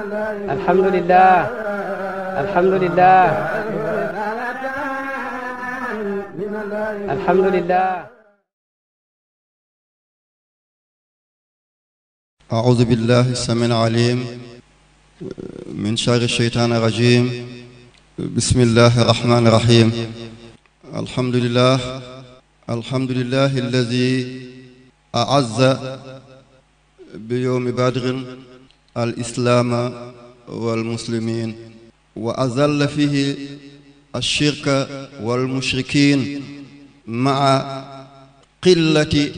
alhamdulillah alhamdulillah alhamdulillah أعوذ بالله السميع العليم من شر الشيطان الرجيم بسم الله الرحمن الرحيم الحمد لله الحمد لله الذي أعز بيوم بدر الإسلام والمسلمين وأذل فيه الشرك والمشركين مع قلة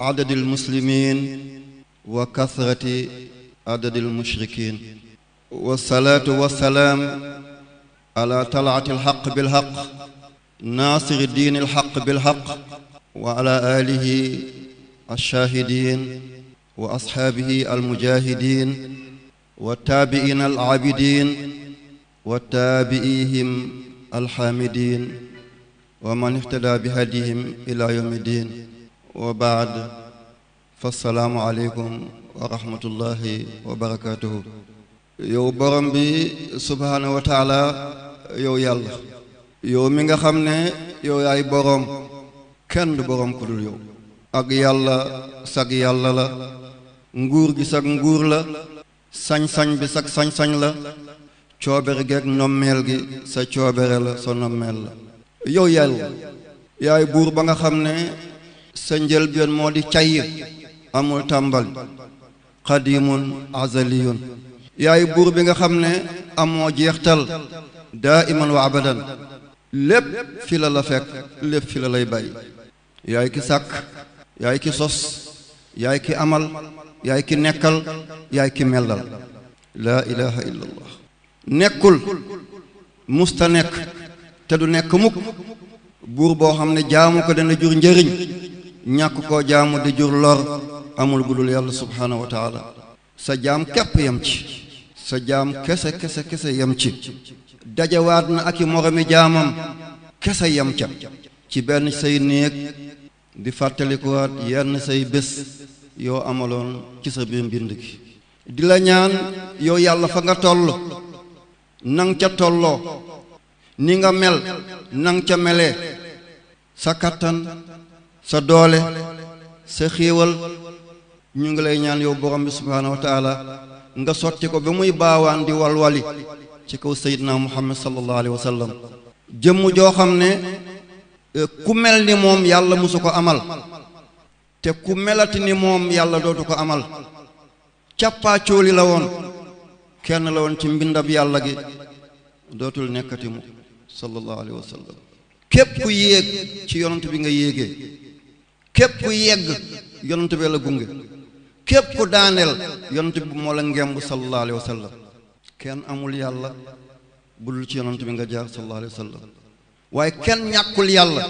عدد المسلمين وكثرة عدد المشركين والصلاة والسلام على طلعة الحق بالحق ناصر الدين الحق بالحق وعلى آله الشاهدين وأصحابه المجاهدين والتابعين العابدين وتابعيهم الحامدين ومن اهتدى بهديهم إلى يوم الدين وبعد فالسلام عليكم ورحمة الله وبركاته yow borom bi subhaanahu wa taala yow yàlla yow mi nga xam ne yow yaay borom kenn borom ku yow ak yàlla sag yàlla la nguur gi sag nguur la sañ-sañ bi sag sañ-sañ la coobere geeg nommeel gi sa coobere la sa nommeel la yow yàlla yaay buur ba nga xam ne sa njëlbeen moo di cay amul tàmbali qadimun azaliyun yaay buur bi nga xam ne amoo jeextal daa iman wa abadan lépp fi la la fekk lépp fi la lay bay yaay ki sàkk yaay ki sos yaay ki amal yaay ki nekkal yaay ki mellal laa ilaha illa allah nekkul musta nekk te du nekk mukk buur boo xam ne jaamu ko dana jur njëriñ ñàkk koo jaamu di jur lor amul gudul yàlla subhaanahu wa sa jaam képp yem ci sa jaam kese kese kese yam ci dajawaat na ak i moromi jaamam kese yam ca ci benn say néeg di fàttalikuwaat yenn say bés yow amaloon ci sa biir mbind gi di la ñaan yow yàlla fa nga toll nang ca tolloo ni nga mel nang ca melee sa kattan sa doole sa xéewal ñu ngi lay ñaan yow borom bi subhaanahu wa taala nga sotti ko ba muy baawaan di walwali ci kaw sayyidina muhammad sallallahu alayhi wa sallam jëmm joo xam ne Euh, ku mel ni moom yàlla musu ko amal te ku melati ni moom yàlla dootu ko amal cappaacooli la woon kenn la woon ci mbindab yàlla gi dootul nekkati mu sallallahu alayhi wa sallam képp ku yéeg ci yonent bi nga yéegee képp ku yegg yonent bi la gunge képp ku daaneel yonent bi moo la ngemb sallallahu alayhi wa sallam kenn amul yàlla budul ci yonent bi nga jaar sallallahu alayhi wa sallam waaye kenn ñàkkul yàlla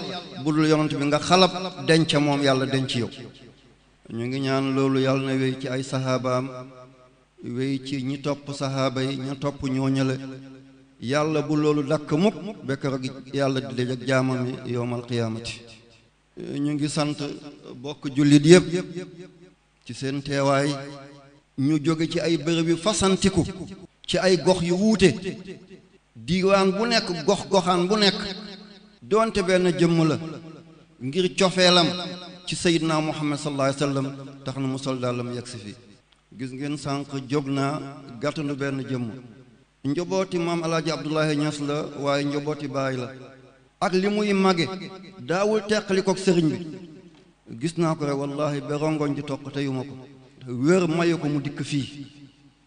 bu dul yonent bi nga xalab denc moom yàlla denc yow ñu ngi ñaan loolu yàlla na wéy ci ay saxaabaam wéy ci ñi topp saxaaba yi ña topp ñooñale yàlla bu loolu dakk mukk bekk rek yàlla di daj ak jaamam yi yowmal qiyaamati ñu ngi sant bokk jullit yëpp ci seen teewaay ñu jóge ci ay bërëb yu fasantiku ci ay gox yu wuute diiwaan bu nekk gox goxaan bu nekk donte benn jëmm la ngir cofeelam ci sayidna muhammad sallallahu alayhi wasallam tax na mu sol dàllam yegg si fi gis ngeen sànq jóg naa gàttandu benn jëmm njobooti maam alaaji abdullahi ñas la waaye njobooti baay la ak li muy mage daawul teqali kook sëriñ bi gis naa ko rek wallahi ba rongoñ di toq te ko wér mayu ko mu dikk fii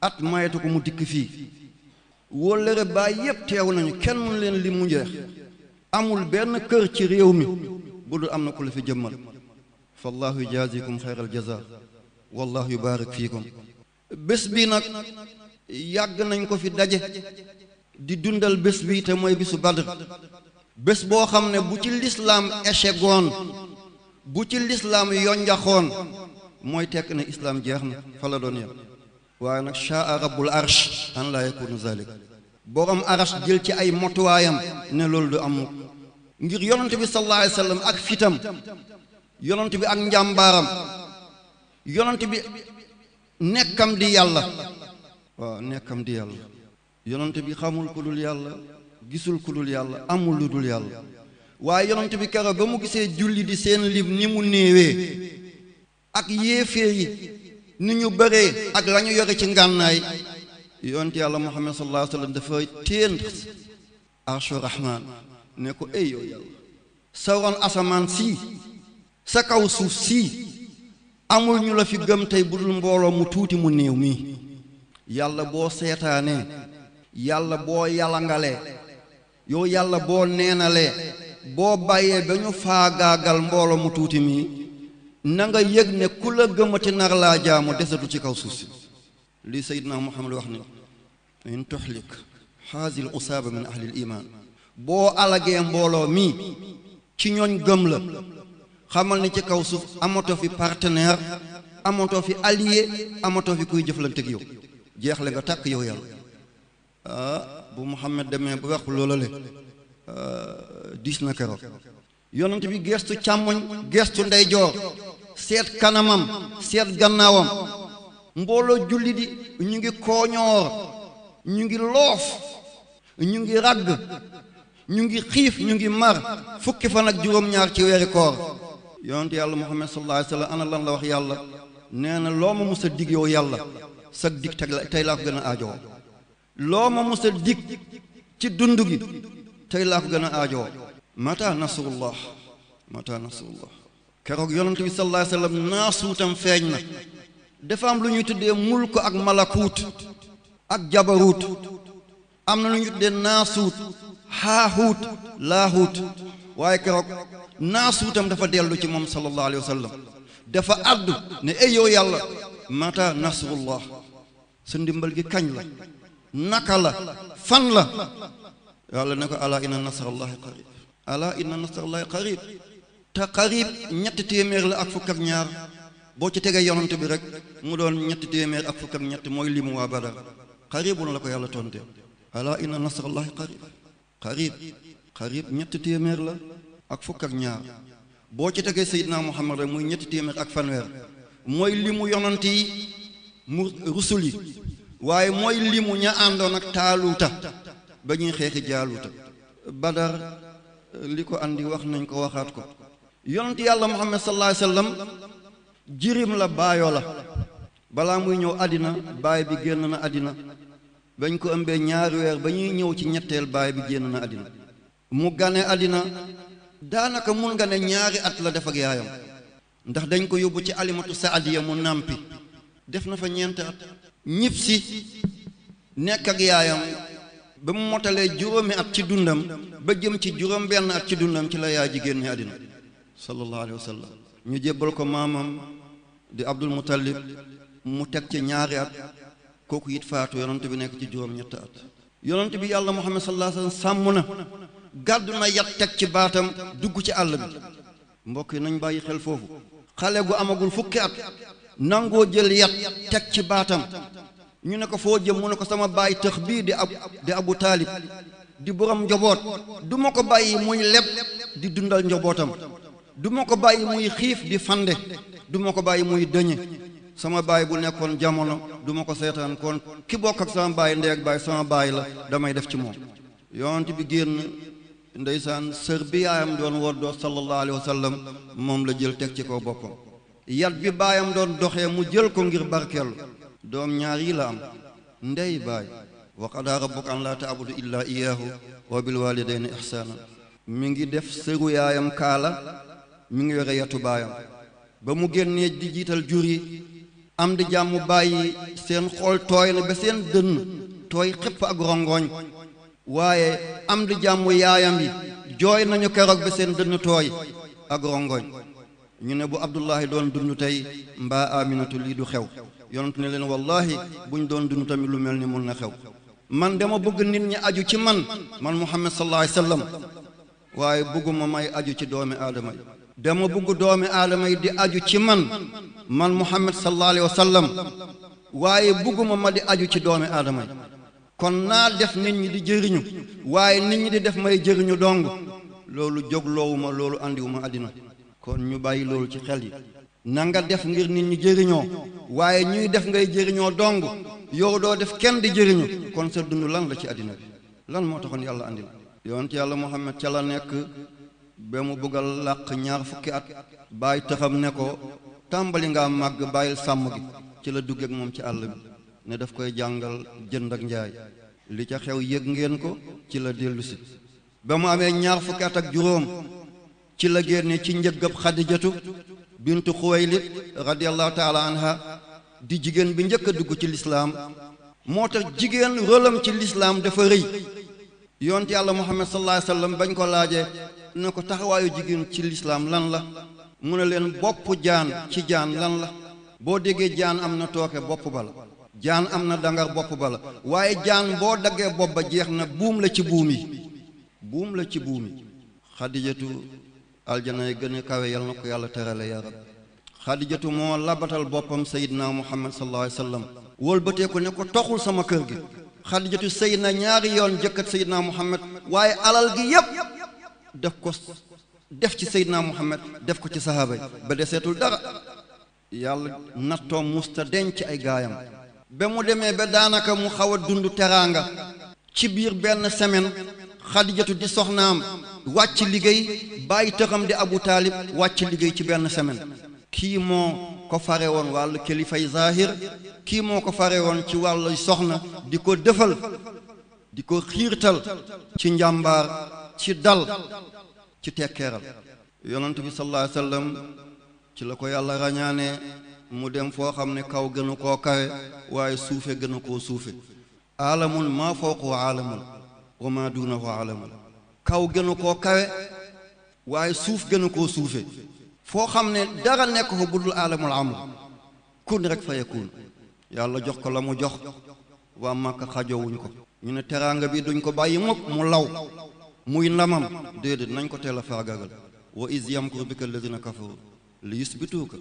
at mayetu ko mu dikk fii wóllëre baay yépp teew nañu kenn mënu leen li mu njeex amul benn kër ci réew mi bu dul am na ku la fi jëmmal fa allahu yujaazikum xayral jaza wallahu yubaarik fiikum bés bi nag yàgg nañ ko fi daje di dundal bés bi te mooy bésu badr bés boo xam ne bu ci lislaam échegoon bu ci lislaam yonjaxoon mooy tekk ne islaam jeex na fa la doon yem waaye nag shaa rabbul arsh an laa yakunu zalik borom aras jël ci ay motuwaayam ne loolu du am mukk ngir yonent bi sallallahu alayhi wa ak fitam yonent bi ak njàmbaaram yonent bi nekkam di yàlla waaw nekkam di yàlla yonent bi xamul ku dul yàlla gisul ku dul yàlla amul lu dul yàlla waaye yonent bi kero ba mu gisee julli di seen lib ni mu néewee ak yéefee yi ni ñu bëree ak la yore ci ngànnaay yonent yàlla muhammad sallallahu alayhi wa sallam dafa téen arshu rahman ne ko ey sa ron asamaan sii sa kaw suuf sii amul ñu la fi gëm tey budul mbooloo mu tuuti mu néew mi yàlla boo seetaanee yàlla boo yalangalee yow yàlla boo neenalee boo bàyyee ba ñu faagaagal mbooloo mu tuuti mii nanga yëg ne ku la gëmati nar laa jaamu desatu ci kaw suuf si li sayyidna muhammad wax ni in tuhlik haazil usaaba min ahlil iman boo alagee mbooloo mi ci ñooñ gëm la xamal ni ci kaw suuf amatoo fi partenaire amatoo fi allié amatoo fi kuy jëflante ak yow jeexle nga tàkk yow yàlla ah bu muhammad demee ba wax loola le ah, diis na keroog yonent bi geestu càmmoñ geestu ndeyjoor seet kanamam seet gannaawam mbooloo julli di ñu ngi kooñoor ñu ngi loof ñu ngi ragg ñu ngi xiif ñu ngi mar fukki fan ak juróom-ñaar ci weeri koor yonent yàlla muhammad sallallahu alayhi wa ana lan la wax yàlla nee na loo ma mus a dig yow yàlla sag dig teg la tey laa ko gën a aajoo loo ma mus a ci dund gi tey laa ko gën a aajoo mata nasrullah mata nasrullah keroog yonent bi sallallahu alayhi wa sallam feeñ na dafa am lu ñu tuddee mulk ak malakuut ak jabaruut am na lu ñuy tuddee naasuut xaaxuut laaxuut waaye keroog naasuutam dafa dellu ci moom sallallahu alayhi wa sallam dafa addu ne ay yow yàlla mata nasrullah sa ndimbal gi kañ la naka la fan la yàlla ne ko ala inna nasrallahi qarib ala inna nasrallahi qarib te qarib ñetti téeméer la ak fukk ak ñaar boo ci tegee yonent bi rek mu doon ñetti téeméer ak fukk ak ñett mooy limu waa badar xaribun la ko yàlla tonte ala inna nasrallahi qarib qarib qarib ñetti téeméer la ak fukk ak ñaar boo ci tegee Seydina Muhammad rek muy ñetti téeméer ak fanweer mooy limu yonent yi mu rusul yi waaye mooy limu ña àndoon ak taaluuta ba ñuy xeexi jaaluuta badar li ko andi wax nañ ko waxaat ko yonent yàlla Muhammad sallallahu wa sallam jirim la baayoo la balaa muy ñëw àddina baay bi génn na àddina bañ ko ëmbee ñaari weer ba ñuy ñëw ci ñetteel baay bi génn na àddina mu gane àddina daanaka mun nga ne ñaari at la def ak yaayam ndax dañ ko yóbbu ci alimatu saadiya mu nàmpi def na fa ñeenti at ñib si nekk ak yaayam ba mu motalee juróomi at ci dundam ba jëm ci juróom benn at ci dundam ci la yaay ji génne àddina sallallahu alayhi wa ñu jébbal ko maamam di abdul muttalib mu teg ci ñaari at kooku it faatu yonent bi nekk ci juróom ñett at yonent bi yàlla muhammad sallallahu alayhi wasallam sàmm na gàddu na yat teg ci baatam dugg ci àll bi mbokk yi nañ bàyyi xel foofu xale gu amagul fukki at nangoo jël yat teg ci baatam ñu ne ko foo jëm mu ne ko sama baay tëx bii di ab di abu taalib di borom njoboot du ma ko bàyyi muy leb di dundal njobootam du ko bàyyi muy xiif di fande duma ko bàyyi muy dëñi sama baay bu nekkoon jamono duma ko seetaan kon ki bokk ak sama baay ndeeg baay sama bàyyi la damay def ci moom yonent bi génn ndeysaan sër bi yaayam doon woddoo sallallahu wa sallam moom la jël teg ci kaw boppam yat bi baayam doon doxee mu jël ko ngir barkeelu doom ñaar yi la am ndey baay wa qadaa rabbuka an laa taabudu illaa iyaahu wa bil walidayni ihsaana mi ngi def sëru yaayam kaala mi ngi yore yatu baayam ba mu génnee di jiital jur yi am di jàmm bàyyi seen xool tooy na ba seen dënn tooy xëpp ak rongoñ waaye am di jàmm yaayam bi jooy nañu keroog ba seen dënn tooy ak rongoñ ñu ne bu Abdullahi doon dund tey mbaa Aminatu lii du xew yonent ne leen wallahi bu ñu doon dund tamit lu mel ni mun na xew man dama bëgg nit ñi aju ci man man Muhammad sallallahu alayhi wa sallam waaye bëgguma may aju ci doomi aadama dama bëgg doomi aadama yi di aju ci man man muhammad sallallahu alayhi wa sallam waaye bëgguma ma di aju ci doomi aadama yi kon naa def nit ñi di jëriñu waaye nit ñi di def may jëriñu dong loolu jógloowuma loolu andiwuma àddina kon ñu bàyyi loolu ci xel yi na def ngir nit ñi jëriñoo waaye ñuy def ngay jëriñoo dong yow doo def kenn di jëriñu kon sa dund lan la ci àddina bi lan moo taxoon yàlla andi la yonent yàlla muhammad ca la nekk ba mu bëgg a làq ñaar fukki at bàyyi taxam ne ko tàmbali ngaa màgg bàyyil sàmm gi ci la duggeek moom ci àll bi ne daf koy jàngal jënd ak njaay li ca xew yëg ngeen ko ci la dellusi ba mu amee ñaar fukki at ak juróom ci la génne ci njëggab xadijatu bintu xuwaylid radiallahu taala di jigéen bi njëkk a dugg ci lislaam moo tax jigéen rëlam ci lislaam dafa rëy yonte yàlla muhammad sallallahu alayhi bañ ko laajee na ko taxawaayu jigéen ci lislaam lan la mu ne leen bopp jaan ci jaan lan la boo déggee jaan am na tooke bopp ba la jaan am na dangar bopp ba la waaye jaan boo daggee bopp ba jeex na buum la ci buum yi buum la ci buum yi xadijatu aljana yi gën a kawe yal na ko yàlla terale ya rab xadijatu moo labatal boppam sayidna muhammad sallallahu alayhi wa sallam wëlbatee ko ne ko toxul sama kër gi xadijatu sëy na ñaari yoon jëkkat sayidna muhammad waaye alal gi def ko def ci Seydina Muhammad def ko ci sahaaba yi ba deseetul dara yàlla nattoo musta ci ay gaayam ba mu demee ba daanaka mu xaw a dund teraanga ci biir benn semaine xadijatu di soxnaam wàcc liggéey bàyyi tëxam di abu taalib wàcc liggéey ci benn semaine kii moo ko fare woon wàllu kilifay zahir kii moo ko fare woon ci wàllu soxna di ko dëfal di ko xiirtal ci njàmbaar ci dal ci tekkeeral yonent bi sallallahu alayhi wasallam ci la ko yàlla rañaanee mu dem foo xam ne kaw gënu koo kawe waaye suufe gënu koo suufe aalamun maa fawqahu aalamun wa maa duunahu aalamun kaw gënu koo kawe waaye suuf gënu koo suufe foo xam ne dara nekk fa budul aalamul am la kun rek fa yakun yàlla jox ko la mu jox waa màkk xajowuñ ko ñu ne teraanga bi duñ ko bàyyi mukk mu law muy ndamam déedéet nañ ko teel a faagaagal wa is yamkuru bika alladina kafaru li yusbituuka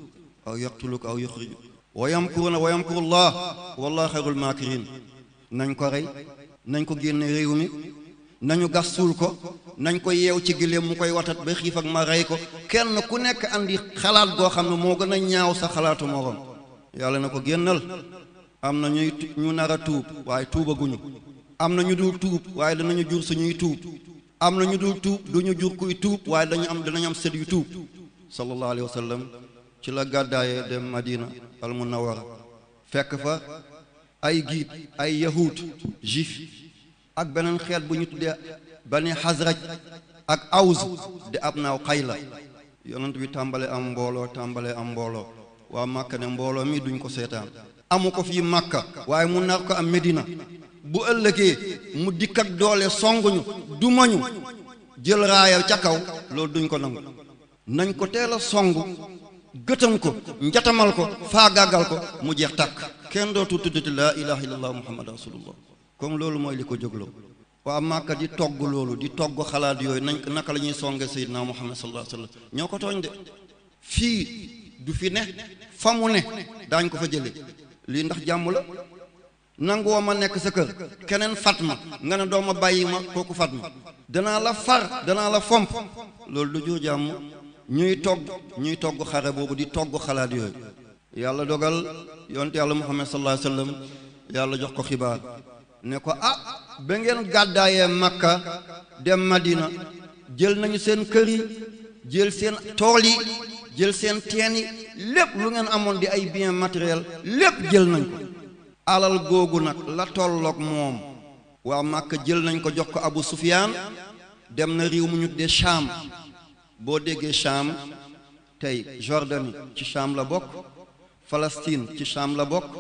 aw yaqtuluuka aw yuxriju wa yamkuruuna wa yamkuru llah wallah xayrul nañ ko rey nañ ko génne réew mi nañu gas ko nañ ko yeew ci giléem mu koy watat ba xiif ak ma rey ko kenn ku nekk andi xalaat goo xam ne moo gën a ñaaw sa xalaatu morom yàlla na ko génnal am na ñuy ñu nar a tuub waaye tuubaguñu am na ñu dul tuub waaye danañu jur suñuy tuub am na ñu dul tuub du ñu jur kuy tuub waaye dañu am danañu am sët yu tuub sallallahu alayhi wa sallam ci la gàddaayee dem Madina al munawara fekk fa ay giit ay yahud juif ak beneen xeet bu ñu tuddee bani xasraj ak awz di ab naaw xayla yonent bi tàmbale am mbooloo tàmbale am mbooloo waa màkka ne mbooloo mi duñ ko seetaan amu ko fii màkka waaye mu nar ko am Medina bu ëllëgee mu dikk ak doole songuñu du mañu jël raayal ca kaw loolu duñ ko nangu nañ ko teel a songu gëtam ko njatamal ko faa gàggal ko mu jeex tàkk kenn dootu tuddati laa ilaha illallah muhammad rasulullah comme loolu mooy li ko jógloo waa Màkka di togg loolu di togg xalaat yooyu nañ naka la ñuy songe sayyidina muhammad sallallahu alayhi wasallam ñoo ko tooñ de fii du fi ne fa mu ne daañ ko fa jële lii ndax jàmm la nanguwoo ma nekk sa kër keneen fat ma nga ne doo ma bàyyi ma kooku fat danaa la far danaa la fomp loolu du jur jàmm ñuy togg ñuy togg xare boobu di togg xalaat yooyu yàlla dogal yonent yàlla muhammad sallallahu alayhi wasallam yàlla jox ko xibaar ne ko ah ba ngeen gàddaayee makka dem madina jël nañu seen kër yi jël seen tool yi jël seen teen lépp lu ngeen amoon di ay bien matériels lépp jël nañ ko alal googu nag la tolloog moom waa Màkka jël nañ ko jox ko Abu Sufyaan dem na réew mu ñu tuddee Shaam boo déggee Shaam tey Jordanie ci Shaam la bokk Palestine ci Shaam la bokk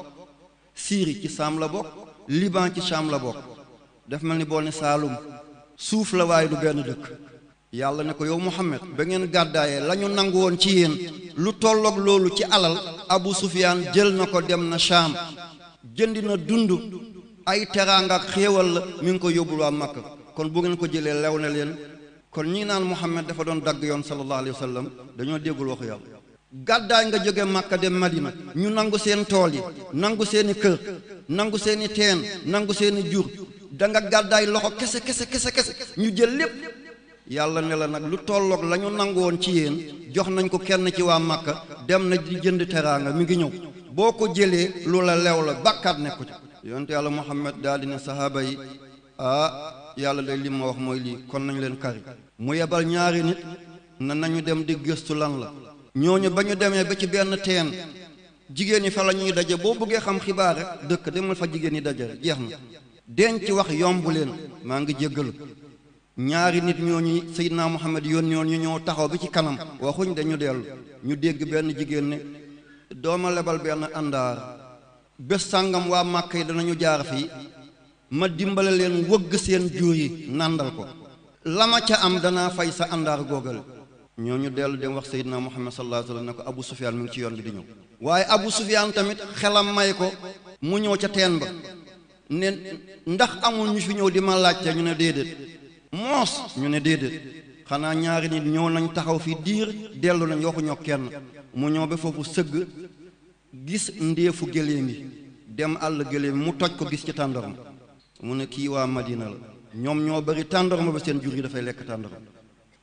Syrie ci Shaam la bokk Liban ci Shaam la bokk daf mel ni boo ne suuf la waaye du benn dëkk yàlla ne ko yow Muhammad ba ngeen gàddaayee lañu ñu nangu woon ci yéen lu tolloog loolu ci alal Abu Sufyaan jël na ko dem na Shaam jëndi na dund ay teraanga ak xéewal la mi ngi ko yóbbul waa Makka kon bu ngeen ko jëlee lew na leen kon ñi naan Muhammad dafa doon dagg yoon sallallahu alayhi wa sallam dañoo déggul waxu yàlla gàddaay nga jóge Makka dem Madina ñu nangu seen tool yi nangu seeni kër nangu seeni teen nangu seeni jur da nga gàddaay loxo kese kese kese kese ñu jël lépp yàlla ne la nag lu tolloog la ñu nangu woon ci yéen jox nañ ko kenn ci waa Makka dem na di jënd teraanga mi ngi ñëw boo ko jëlee lu la lew la bàkkaat nekku ci yonte yàlla muhammad daal dina sahaaba yi ah yàlla day li ma wax mooy lii kon nañu leen kari mu yebal ñaari nit na nañu dem di gëstu lan la ñooñu ba ñu demee ba ci benn teen jigéen ñi fa la ñuy daje boo bëggee xam xibaar rek dëkk demal fa jigéen ñi daje jeex na denc wax yomb leen maa ngi jéggalu ñaari nit ñooñu Seydina Muhammad yoon ñoo ñu ñoo taxaw bi ci kanam waxuñ dañu dellu ñu dégg benn jigéen doomalebal lebal benn àndaar bés sàngam waa màkk yi danañu jaar fii ma dimbale leen wëgg seen jur yi nàndal ko la ma ca am danaa fay sa àndaar googal ñu dellu dem wax seydina muhammad sallallahu alayhi wa sallam ne ko abu sufiyaan mi ngi ci yoon bi di ñëw waaye abu sufiyaan tamit xelam may ko mu ñëw ca teen ba ne ndax amul ñu fi ñëw di ma laajte ñu ne déedéet moos ñu ne déedéet xanaa ñaari nit ñëw nañ taxaw fi diir dellu nañ waxuñoo kenn mu ñëw ba foofu sëgg gis ndeefu gëléem yi dem àll gëléem mu toj ko gis ci tàndarma mu ne kii waa Madina la ñoom ñoo bari tàndarma ba seen jur yi dafay lekk tàndarma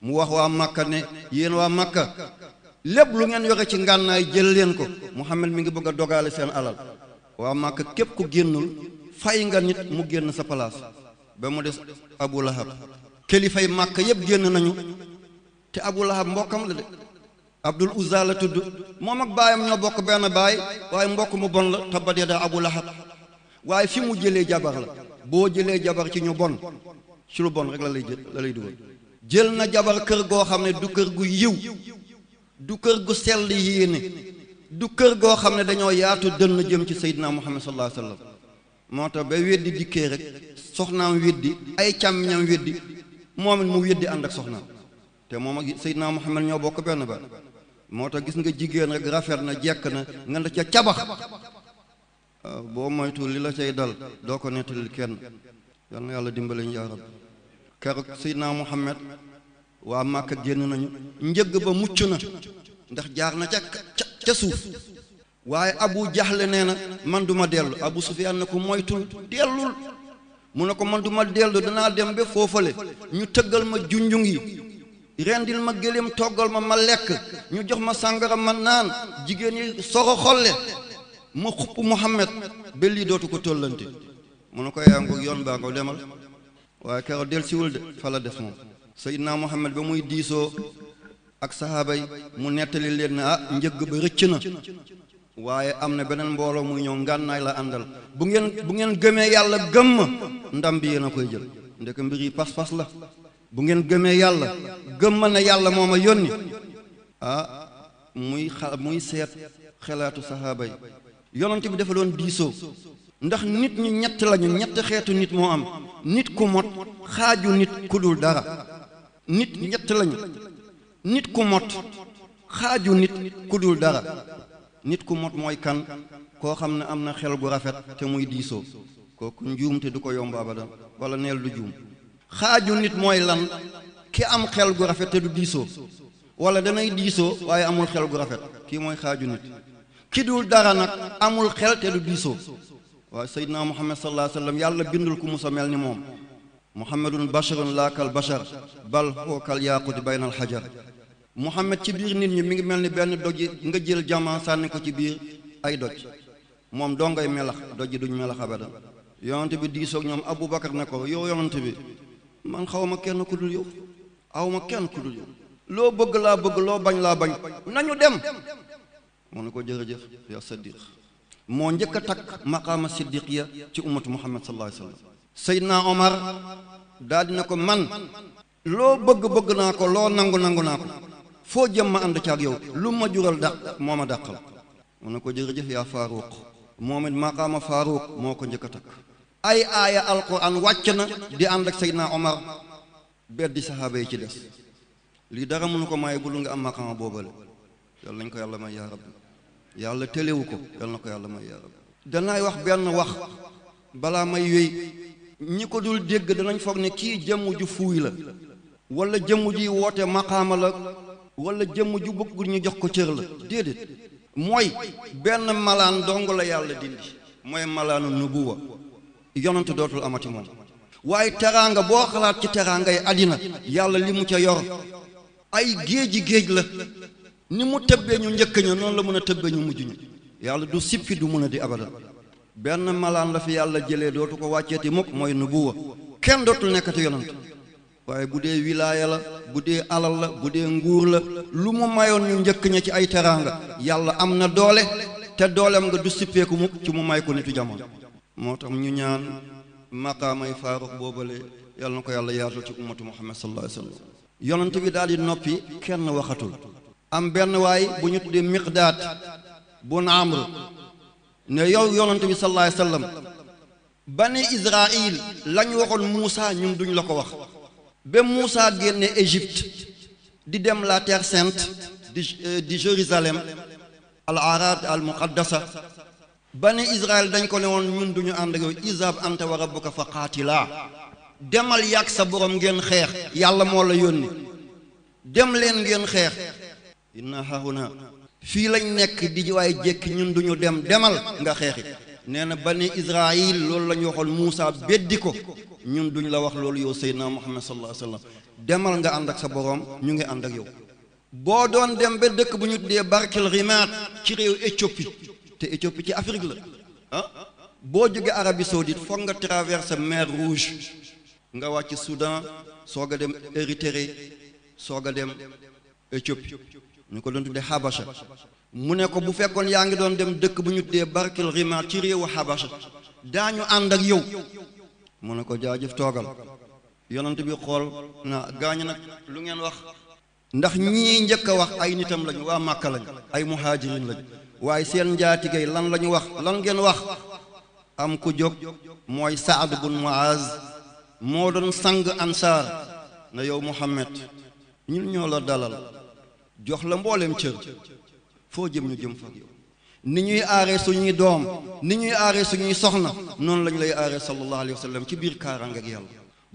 mu wax waa Makka ne yéen waa Makka lépp lu ngeen yore ci ngànnaay jël leen ko Muhammad mi ngi bëgg a dogaale seen alal waa Makka képp ku génnul fay nga nit mu génn sa palaas ba mu des Abu Lahab kilifay màkk yëpp génn nañu te Abu Lahab mbokkam la de Abdul Uzza la tudd moom ak baayam ñoo bokk benn baay waaye mbokk mu bon la tabbat yadaa Abu Lahab waaye fi mu jëlee jabar la boo jëlee jabar ci ñu bon ci lu bon rek la lay jël la lay dugal jël na jabar kër goo xam ne du kër gu yiw du kër gu sell yéene du kër goo xam ne dañoo yaatu dënn jëm ci Seydina Muhammad sallallahu alayhi wa sallam moo tax ba weddi dikkee rek soxnaam weddi ay càmmiñam weddi moom it mu weddi ànd ak soxna te moom ak Seydina Muhammad ñoo bokk benn ba moo tax gis nga jigéen rek rafet na jekk na nga la ca cabax boo moytu li la cay dal doo ko nettalil kenn yal na yàlla dimbale ñu yaa rabbi keroog waa Màkka génn nañu njëgg ba mucc na ndax jaar na ca ca suuf waaye Abu Jahl nee na man duma dellu Abu Sufyaan na ko moytul dellul mu ne ko man du ma dellu danaa dem ba foofale ñu tëggal ma junjung yi rendil ma gëléem toggal ma ma lekk ñu jox ma sàngara ma naan jigéen yi soro xolle ma xupp Muhammad ba lii dootu ko tollante mu ne ko yaa ngoog yoon baa ngo demal waaye keroog del siwul de fala def moom Seydina Muhammad ba muy diisoo ak sahaaba yi mu nettali leen ne ah njëgg ba rëcc na waaye am na beneen mbooloo muy ñëw ngànnaay la àndal bu ngeen bu ngeen gëmee yàlla gëmma ndam bi yéen a koy jël ndeke mbir yi pas-pas la bu ngeen gëmee yàlla gëm na yàlla moo ma yónni ah muy xa muy seet xelaatu saxaaba yi yonent bi dafa doon diisoo ndax nit ñi ñett lañu ñett xeetu nit moo am nit ku mot xaaju nit ku dul dara nit ñett lañu nit ku mot xaaju nit ku dul dara nit ku mot mooy kan koo xam ne am na xel gu rafet te muy diisoo kooku njuum te du ko yomb abadan wala neel du juum xaaju nit mooy lan ki am xel gu rafet te du diisoo wala danay diisoo waaye amul xel gu rafet kii mooy xaaju nit ki dul dara nag amul xel te du diisoo waaye seydinaa muhammad sallallahu alayhi wa sallam yàlla bindul ku musa mel ni moom muhammadun basharun laakal bashar bal huwa kal yaaqut baynal hajar Muhammad ci biir nit ñi mi ngi mel ni benn doji nga jël jamaa sànni ko ci biir ay doj moom doo ngay melax doji duñu melax abadan yonent bi diisoog ñoom Abu Bakar ne ko yow yonent bi man xaw ma kenn ku dul yow aw ma kenn ku dul yow loo bëgg laa bëgg loo bañ laa bañ nañu dem moo ne ko jërëjëf ya Saddiq moo njëkk a takk maqaama siddiqiya ci ummatu Muhammad sallallahu alayhi wa sallam Omar daal dina ko man loo bëgg bëgg naa ko loo nangu nangu naa foo jëm ma ànd caag yow lu ma jural dàq moo ma dàqal mu ne ko jërëjëf yaa faaruq moom it maqaama faaruq moo ko njëkk a takk ay aaya alquran wàcc na di ànd ak Seydina Omar beddi saxaaba yi ci des lii dara mënu ko maaye bu lu nga am maqaama boobale yàlla nañ ko yàlla may yaa rabbi yàlla telewu ko yàlla na ko yàlla may yaa rabbi danaay wax benn wax balaa may wéy ñi ko dul dégg danañ foog ne kii jëm ju fuuy la wala jëmm ji woote maqaama la wala jëmm ju bëggul ñu jox ko cër la déedéet mooy benn malaan dong la yàlla dindi mooy malaanu nubuwa yonent dootul amati moom waaye teraanga boo xalaat ci teraangay àddina yàlla li mu ca yor ay géeji géej la ni mu tëbbee ñu njëkk ña noonu la mën a tëbbee ñu mujj ñu yàlla du sippi du mën a di abada benn malaan la fi yàlla jëlee dootu ko wàcceeti mukk mooy nubuwa kenn dootul nekkati yonent waaye bu dee wilaaya la bu dee alal la bu dee nguur la lu mu mayoon ñu njëkk ña ci ay teraanga yàlla am na doole te doolem nga du sippeeku mu ci mu may ko nitu jamono moo tax ñu ñaan maqaamay faaruq boobale yàlla na ko yàlla yaatal ci ummatu muhammad sallallahu alayhi wa sallam yonent bi daal di noppi kenn waxatul am benn waay bu ñu tuddee miqdaat bun amr ne yow yonent bi sallallahu alayhi wa lañ waxoon muusa ñun duñ la ko wax ba Moussa génne Égypte di dem la terre sainte di euh, di Jérusalem al arad al muqaddasa bani Israël dañ ko ne woon ñun duñu ànd ak yow izhab anta wa fa qaatila demal yàgg sa borom ngeen xeex yàlla moo la yónni dem leen ngeen xeex inna hahuna fii lañ nekk di waaye jékki ñun duñu dem demal nga xeexi nee na bani israil loolu la ñu waxoon Muusa beddi ko ñun duñu la wax loolu yow Seydina Muhammad sallallahu alayhi wa sallam demal nga ànd ak sa boroom ñu ngi ànd ak yow boo doon dem ba dëkk bu ñu tuddee barkel rimaat ci réew Éthiopie te Éthiopie ci Afrique la ah boo jógee Arabie Saoudite foog nga traverser mer Rouge nga wàcc Soudan soog a dem Érythrée soog a dem Éthiopie ñu ko doon tuddee Habasha mu ne ko bu fekkoon yaa ngi doon dem dëkk bu ñu dee barkil rima ci réewu xabasa daañu ànd ak yow mu ne ko jaajëf toogal yonent bi xool na gaañ nag lu ngeen wax ndax ñii njëkk a wax ay nitam lañu waa màkka lañ ay muhajirin lañ waaye seen njaatigay lan la ñu wax lan ngeen wax am ku jóg mooy saad bun muaz moo doon sang ansaar na yow muhammad ñun ñoo la dalal jox la mbooleem cër foo jëm ñu jëm fa ak ni ñuy aaree suñuy doom ni ñuy aaree suñuy soxna noonu lañu lay aaree sallallahu alayhi wa sallam ci biir kaaraange ak yàlla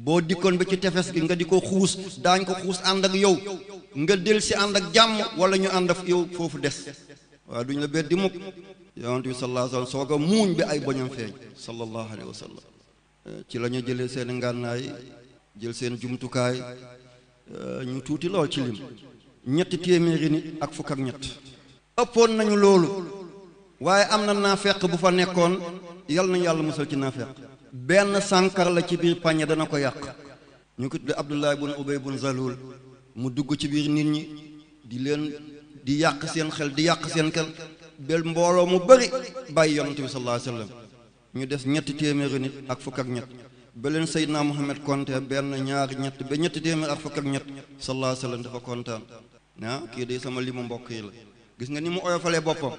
boo dikkoon ba ci tefes gi nga di ko xuus daañ ko xuus ànd ak yow nga del si ànd ak jàmm wala ñu ànd ak yow foofu des waaye duñ la beddi mukk yonent bi sallallahu alayhi wa soog a muuñ bi ay boñam feeñ sallallahu alayhi wa sallam ci la ñu jëlee seen ngànnaay jël seen jumtukaay ñu tuuti lool ci lim ñetti téeméeri nit ak fukk ak ñett ëppoon nañu loolu waaye am na naafeq bu fa nekkoon yal nañu yàlla musal ci naafeq benn sànkar la ci biir pañe dana ko yàq ñu ko tudde Abdullah bun Ubay bun Zalul mu dugg ci biir nit ñi di leen di yàq seen xel di yàq seen xel bel mbooloo mu bëri bàyyi yonante bi sallallahu alayhi ñu des ñetti téeméeri nit ak fukk ak ñett ba leen Seydina Muhammad konte benn ñaari ñett ba ñetti téeméer fukk ñett sallallahu alayhi wa sallam dafa kontaan ah, kii day sama limu mbokk yi la gis nga ni mu oyofalee boppam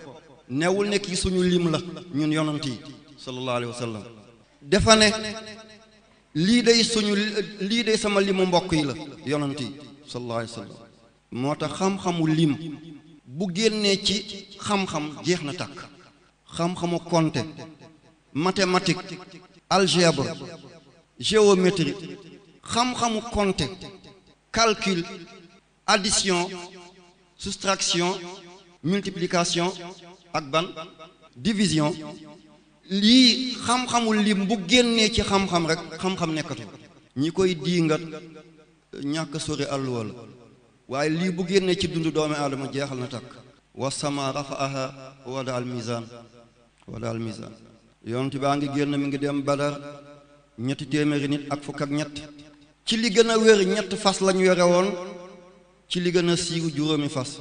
newul ne kii suñu lim la ñun yonant yi sallallahu alayhi wa sallam dafa ne lii day suñu lii day sama limu mbokk yi la yonant yi sallallahu alayhi moo tax xam-xamu lim bu génnee ci xam-xam jeex na tàkk xam-xamu compte mathématique algèbre géométrie xam-xamu compte calcul addition soustraction multiplication ak ban division lii xam-xamul lim bu génnee ci xam-xam rek xam-xam nekkatu ñi koy diingat ñàkk sori àlluwa la waaye lii bu génnee ci dundu doomi aadama jeexal na takk wasama rafaaha wada al mizan wada al mizan baa ngi génn mi ngi dem badar ñetti téeméeri nit ak fukk ak ñett ci li gën a wér ñett fas lañu yore woon ci li gën a siiw juróomi fas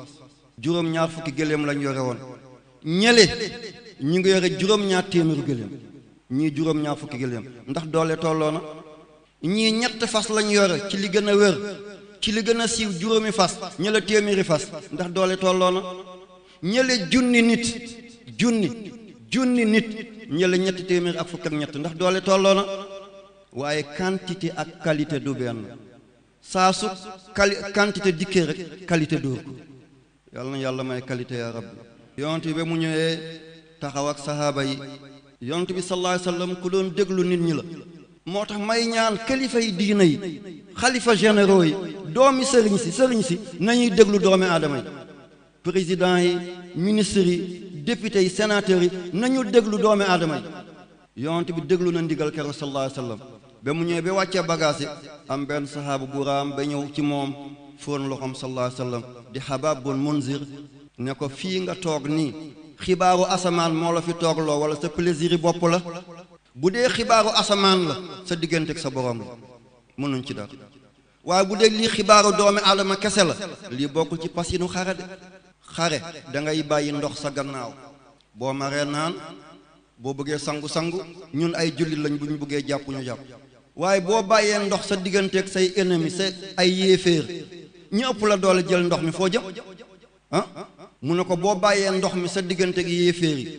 juróom-ñaar fukki gëléem lañ yore woon ñële ñu ngi yore juróom-ñaar téeméeri gëléem ñii juróom-ñaar fukki gëléem ndax doole tolloo na ñii ñett fas lañ yore ci li gën a wér ci li gën a siiw juróomi fas ñële téeméeri fas ndax doole tolloo na ñële junni nit junni junni nit ñële ñetti téeméer ak fukk ak ñett ndax doole tolloo na waaye quantité ak qualité du benn saa su quantité dikkee rek qualité dóor yàlla na yàlla may qualité ya rabbi yonent bi ba mu ñëwee taxaw ak sahaaba yi yonent bi sallallahu alayhi wasallam ku doon déglu nit ñi la moo tax may ñaan kilifa yi diina yi xalifa généraux yi doomi sëriñ si sëriñ si nañuy déglu doomi aadama yi président yi ministre yi députés yi sénateurs yi nañu déglu doomi aadama yi yonent bi déglu na ndigal keroog sallallahu alayhi wasallam ba mu ñëwee ba wàccee bagage am benn sahaaba bu raam ba ci moom fóon loxoom sallallahu alayhi wa sallam di Habaab bun Munzir ne ko fii nga toog nii xibaaru asamaan moo la fi toog loo wala sa plaisir yi bopp la bu dee xibaaru asamaan la sa diggante ak sa borom la mënuñ ci dara waaye bu dee lii xibaaru doomi aadama kese la lii bokkul ci pas yi nu xare de xare da ngay bàyyi ndox sa gannaaw boo maree naan boo bëggee sangu-sangu ñun ay jullit lañ bu ñu bëggee jàpp ñu jàpp waaye boo bàyyee ndox sa digganteeg say ennemis sa ay yéeféer ñi ëpp la doole jël ndox mi foo jëm ah mu ne ko boo bàyyee ndox mi sa diggante gi yéeféer yi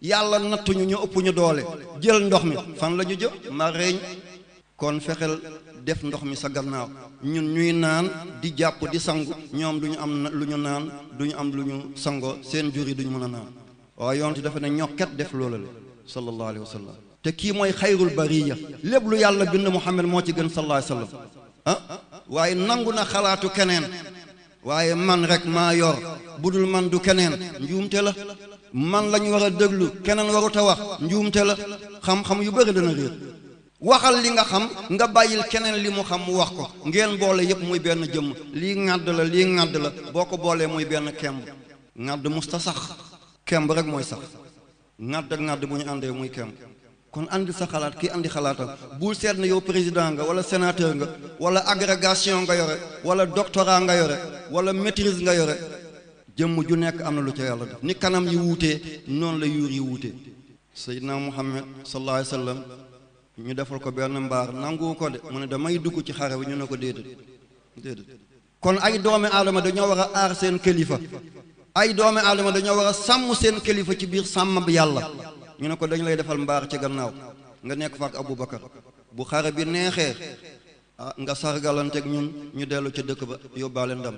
yàlla nattuñu ñu ëpp ñu doole jël ndox mi fan la ñu jëm ma reeñ kon fexeel def ndox mi sa gannaaw ñun ñuy naan di jàpp di sangu ñoom du ñu am lu ñu naan du ñu am lu ñu sangoo seen jur yi mën a naan waaye yonent dafa ne ñokket def loola la sallallahu alayhi wa sallam te kii mooy xayrul bariya lépp lu yàlla bind Muhammad moo ci gën sallallahu alayhi wa sallam ah? waaye nangu na xalaatu keneen waaye man rek maa yor dul man du keneen njuumte la man lañu war a déglu keneen warut a wax njuumte la xam-xam yu bëri dana réer waxal li nga xam nga bàyyil keneen li mu xam mu wax ko ngeen boole yëpp muy benn jëmm lii ŋàdd la lii ŋàdd la boo ko boolee muy benn kemb ŋàdd musta sax kemb rek mooy sax ŋàdd ak ŋàdd bu ñu àndee muy kemb kon andi sa xalaat kii andi xalaatam bul seet na yow président nga wala sénateur nga wala agrégation nga yore wala doctorat nga yore wala maîtrise nga yore jëmm ju nekk am na lu ca yàlla def ni kanam yi wuutee noonu la yuur yi wuutee seydina muhammad sallallahu alayhi wa sallam ñu defal ko benn mbaar nangu ko de mu ne damay dugg ci xare bi ñu ne ko déedéet déedéet kon ay doomi aadama dañoo war a aar seen kilifa ay doomi aadama dañoo war a sàmm seen kilifa ci biir sàmm bi yàlla ñu ne ko dañ lay defal mbaar ci gannaaw nga nekk fa ak Abubakar bu xare bi neexee ah nga sargalanteeg ñun ñu dellu ca dëkk ba yóbbaale ndam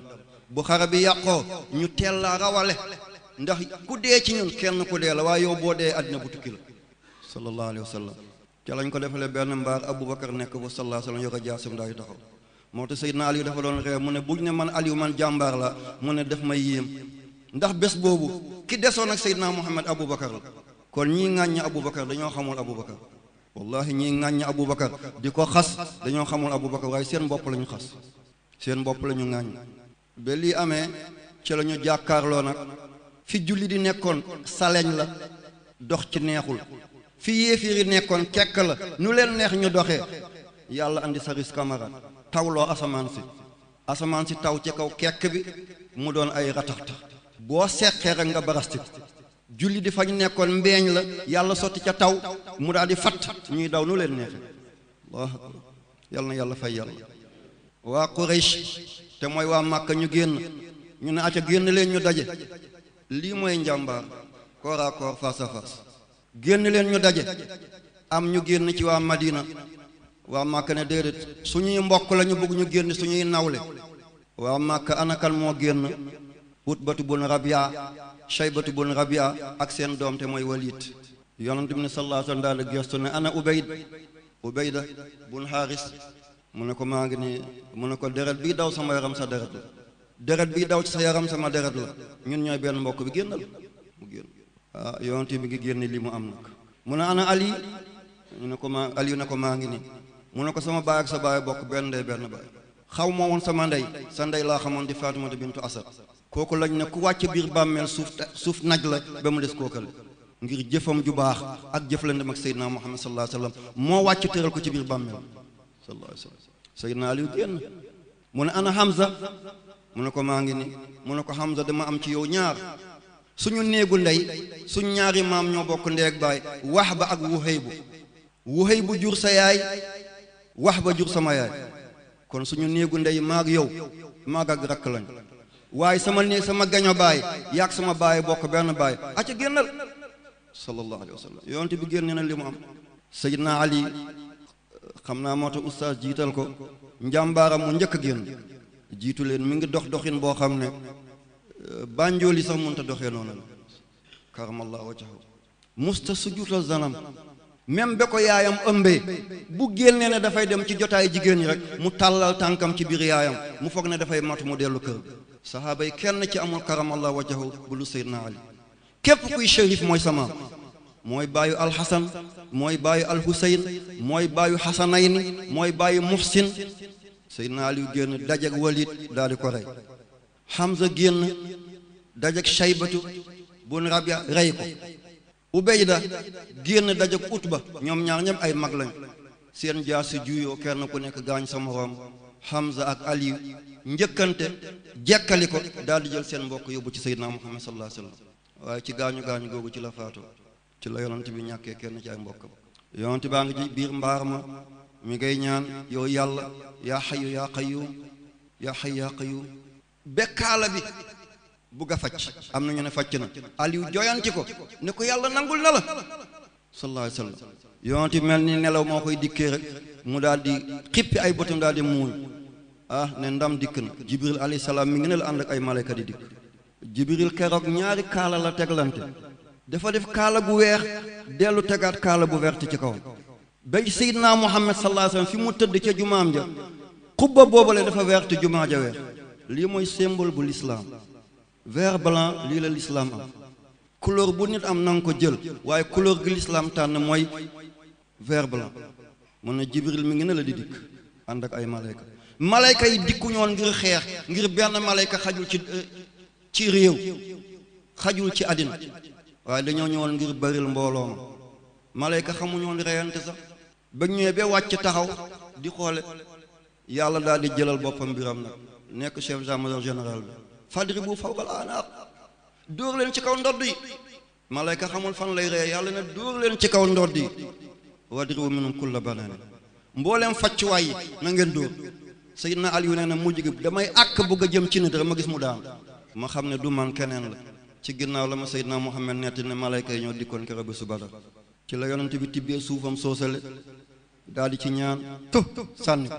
bu xare bi yàqoo ñu teel laa rawale ndax ku dee ci ñun kenn ku dee la waaye yow boo dee àddina bu tukki la sallallahu alayhi wa sallam ca lañ ko defalee benn mbaar Abubakar nekk fa sallallahu alayhi wa sallam yore jaasam daay taxaw moo tax Seydina Aliou dafa doon ree mu ne buñ ne man Aliou man jàmbaar la mu ne def may yéem ndax bés boobu ki desoon ak Seydina Muhammad Abubakar la kon ñii ŋàññi Aboubacar dañoo xamoon Aboubacar wallahi ñii ŋàññi Aboubacar di ko xas dañoo xamoon Aboubacar waaye seen bopp la ñu xas seen bopp la ñu ŋàññ lii amee ci la ñu jàkkaarloo nag fi julli di nekkoon saleñ la dox ci neexul fi yéefiiri nekkoon kekk la nu leen neex ñu doxee yàlla andi Cyrus Camara tawloo asamaan si asamaan si taw ci kaw kekk bi mu doon ay rataxta boo seqee rek nga barastik julli di fañ nekkoon mbeeñ la yàlla sotti ca taw mu daal di fatt ñuy daw nu leen neexe yàlla na yàlla fay yàlla waa Quraysh te mooy waa màkk ñu génn ñu ne aca génn leen ñu daje lii mooy njàmbaar koor à génn leen ñu daje am ñu génn ci waa Madina waa Màkka ne déedéet suñuy mbokk la ñu ñu génn suñuy nawle waa Màkka anakan moo génn utbatu bun rabia shaybatu bun rabia ak seen doom te mooy walid yonent bi ne sallallahu alayhi wa sallam daal gestu ne ana ubayd ubayda bun xaaris mu ne ko maa ngi nii mu ne ko deret bii daw sama yaram sa deret la deret bii daw ci sa yaram sama deret la ñun ñooy benn mbokk bi génnal mu génn ah bi ngi génne li mu am nag mu ne ana ali mu ne ko maa ali ne ko maa ngi nii mu ne ko sama baay ak sa baay bokk benn ndey benn baay xaw ma woon sama ndey sa ndey laa xamoon di Faatimata bintu Asad kooku lañ ne ku wàcc biir bàmmeel suuf suuf naj la ba mu des kookale ngir jëfam ju baax ak jëflante ak Seydina Muhammad sallallahu alayhi wa sallam moo wàcc tëral ko ci biir bàmmeel sallallahu alayhi wa sallam Seydina mu ne ana Hamza mu ne ko maa ngi ni mu ne ko Hamza dama am ci yow ñaar suñu néegu ndey suñ ñaari maam ñoo bokk ndey ak wax ba ak wuxëy bu wuxëy bu jur sa yaay wax ba jur sama yaay kon suñu néegu ndey maag yow maag ak rakk lañ waaye sama ni sama gaño baay yàgg sama baay bokk benn baay aca génnal sallallahu alayhi wa sallam yonent bi génne na li mu am Seydina Ali xam naa moo tax oustaz jiital ko njàmbaaram mu njëkk a génn jiitu leen mi ngi dox doxin boo xam ne euh, bànjool yi sax mënta doxee noonu la karamallahu wajhahu musta sujuutal zanam même ba ko yaayam ëmbee bu génnee ne dafay dem ci jotaay jigéen ñi rek mu tàllal tànkam ci biir yaayam mu foog ne dafay matu mu dellu kër saxaaba yi kenn ci amul karamallahu wajahu bu lu seydna ali képp kuy shérif mooy sama mooy baayu alxasan mooy baayu alxuseyn mooy baayu xasanayni mooy baayu muhsin seydna yu génn dajeg walid daal di ko rey Hamza génn dajeg shaybatu bun rabia rey ko ubayda génn dajeg utba ñoom ñaar ñëpp ay mag lañ seen jaar si juyoo kenn ku nekk gaañ sa moroom Hamza ak Aliyu njëkkante jekkali ko daal di jël seen mbokk yóbbu ci Seydina Muhammad sallallahu alayhi wa sallam waaye ci gaañu gaañu googu ci la faatoo ci la yonent bi ñàkkee kenn ci ay mbokkam yonent baa ngi ci biir mbaar ma mi ngay ñaan yow yàlla yaa xayu yaa qayyum yaa xayu yaa qayyum bekkaala bi bugg a facc am nañu ne facc na Aliou joyanti ko ne ko yàlla nangul na la sallallahu mel ni nelaw moo koy dikkee rek mu daal di xippi ay bëtam daal di muuñ ah ne ndam dikk na jibril alayhi salaam mi ngi ne la ànd ak ay malayka di dikk jibril keroog ñaari kaala la teglante dafa def kaala bu weex dellu tegaat kaala bu verte ci kawam ba seydinaa muhammad sallallahu alayhi wasallam fi mu tëdd ca jumaam ja xubba boobale dafa verte jumaa ja weex lii mooy symbole bu lislaam vert blanc lii la lislaam am couleur bu nit am na ko jël waaye couleur gi lislaam tànn mooy vert blanc mun na jibril mi ngi ne la di dikk ànd ak ay malayka malayka yi dikku ñoon ngir xeex ngir benn malayka xajul ci ci réew xajul ci àddina waaye dañoo ñëwoon ngir baril mbooloo ma malayka xamuñoon reyante sax ba ñëwee ba wàcc taxaw di xoole yàlla daal di jëlal boppam biram nag nekk chef d'état-major général bi fadri bu fawqal anaaq dóor ci kaw ndodd yi malayka xamul fan lay reye yàlla ne dóor leen ci kaw ndodd yi wadribu minhum kulla banaani mbooleem faccuwaay yi na ngeen dóor Seydina Aliyu nee na mujj gi damay àkk bugg a jëm ci nit rek ma gis mu daan ma xam ne du man keneen la ci ginnaaw la ma Seydina Muhammad nett ne malayka yi ñoo dikkoon keroog bi su Badar ci la yonent bi tibbee suufam soosale daal di ci ñaan tu sànni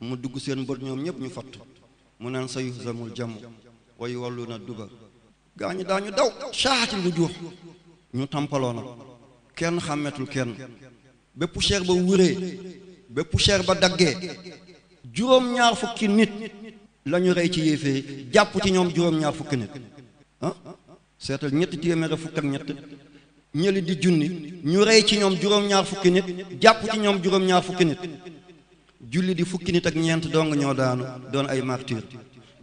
mu dugg seen bët ñoom ñëpp ñu fatt mu naan sa yuhzamul jamu wa yuwalluuna na gaa ñi daañu daw saatil wujuuh ñu tampaloo na kenn xàmmetul kenn bépp poussière ba wuree bépp poussière ba daggee juróom-ñaar fukki nit la ñu rey ci yéefee jàpp ci ñoom juróom-ñaar fukki nit ah seetal ñetti téeméer a fukk ak ñett ñëli di junni ñu rey ci ñoom juróom-ñaar fukki nit jàpp ci ñoom juróom-ñaar fukki nit julli di fukki nit ak ñeent dong ñoo daanu doon ay martyr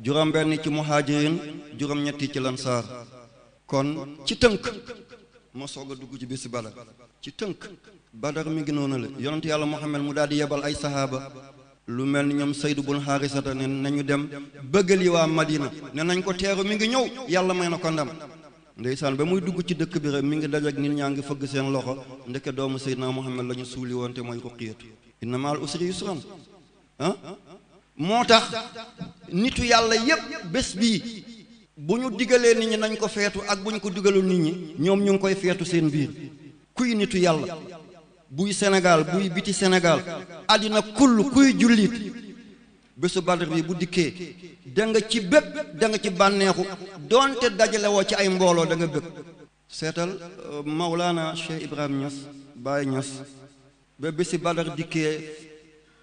juróom benn ci muhaajirin juróom ñetti ci lansaar kon ci tënk ma soog a dugg ci bis bala ci tënk badar mi ngi noonu la yonent yàlla Muhammad mu daal di yebal ay sahaaba lu mel ni ñoom Saydu bun Xaarisata ne nañu dem bëggali waa Madina ne nañ ko teeru mi ngi ñëw yàlla may na ko ndam ndeysaan ba muy dugg ci dëkk bi rek mi ngi dajak nit ñaa ngi fëgg seen loxo ndeke doomu Seydina Muhammad la ñu suuli woon te mooy ruqiyatu inna maal usri yusran ah moo tax nitu yàlla yépp bés bii bu ñu digalee nit ñi nañ ko feetu ak bu ñu ko digalul nit ñi ñoom ñu ngi koy feetu seen biir kuy nitu yàlla buy senegal buy biti senegal àddina kull kuy jullit bésu Badr bi bu dikkee da nga ci bëgg da nga ci bànneexu doonte dajale woo ci ay mbooloo danga nga bëgg seetal euh, Maulana Cheikh Ibrahim Niass Baye Niass ba bési Badr dikkee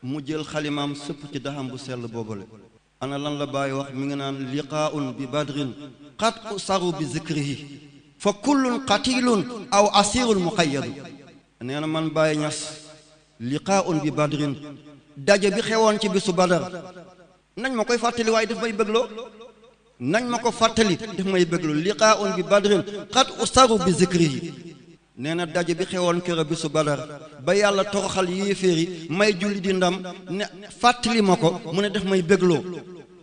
mu jël xalimaam sëpp ci daxam bu sell boobale ana lan la Baye wax mi ngi naan liqaaun bi badrin xat saru bi zikrihi fa kullun qatilun aw asirun muqayyadu nee na man ñas Niass liqaaun bi badrin daje bi xewoon ci bésu badar nañ ma koy fàttali waaye daf may bëggloo nañ ma ko fàttali daf may bëggloo liqaaun bi badrin xat ustaru bi zikri yi nee na daje bi xewoon kër bésu badar ba yàlla toroxal yéeféer yi may julli di ndam ne fàttali ma ko mu ne def may bëggloo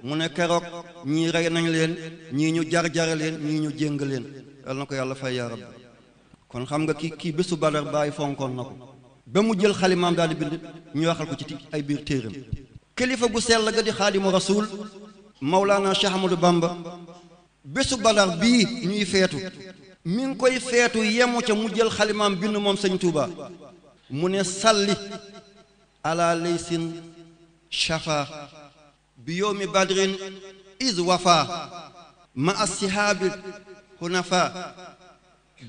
mu ne keroog ñii rey nañ leen ñii ñu jar jara leen ñii ñu jéng leen yàlla na ko yàlla fay yaa rabbi kon xam nga ki kii bésu badar bàyyi fonkoon na ko ba mu jël xalimaam daal bind ñu waxal ko ci ay biir téeram kilifa gu sell ga di xaadimu rasul Mawlana Cheikh Ahmadou Bamba bésu badar bii ñuy feetu mi ngi koy feetu yemu ca mu jël xalimaam bind moom sëñ Touba mu ne salli ala laysin shafa bi yow mi badrin is wafa ma as sihaabi hunafa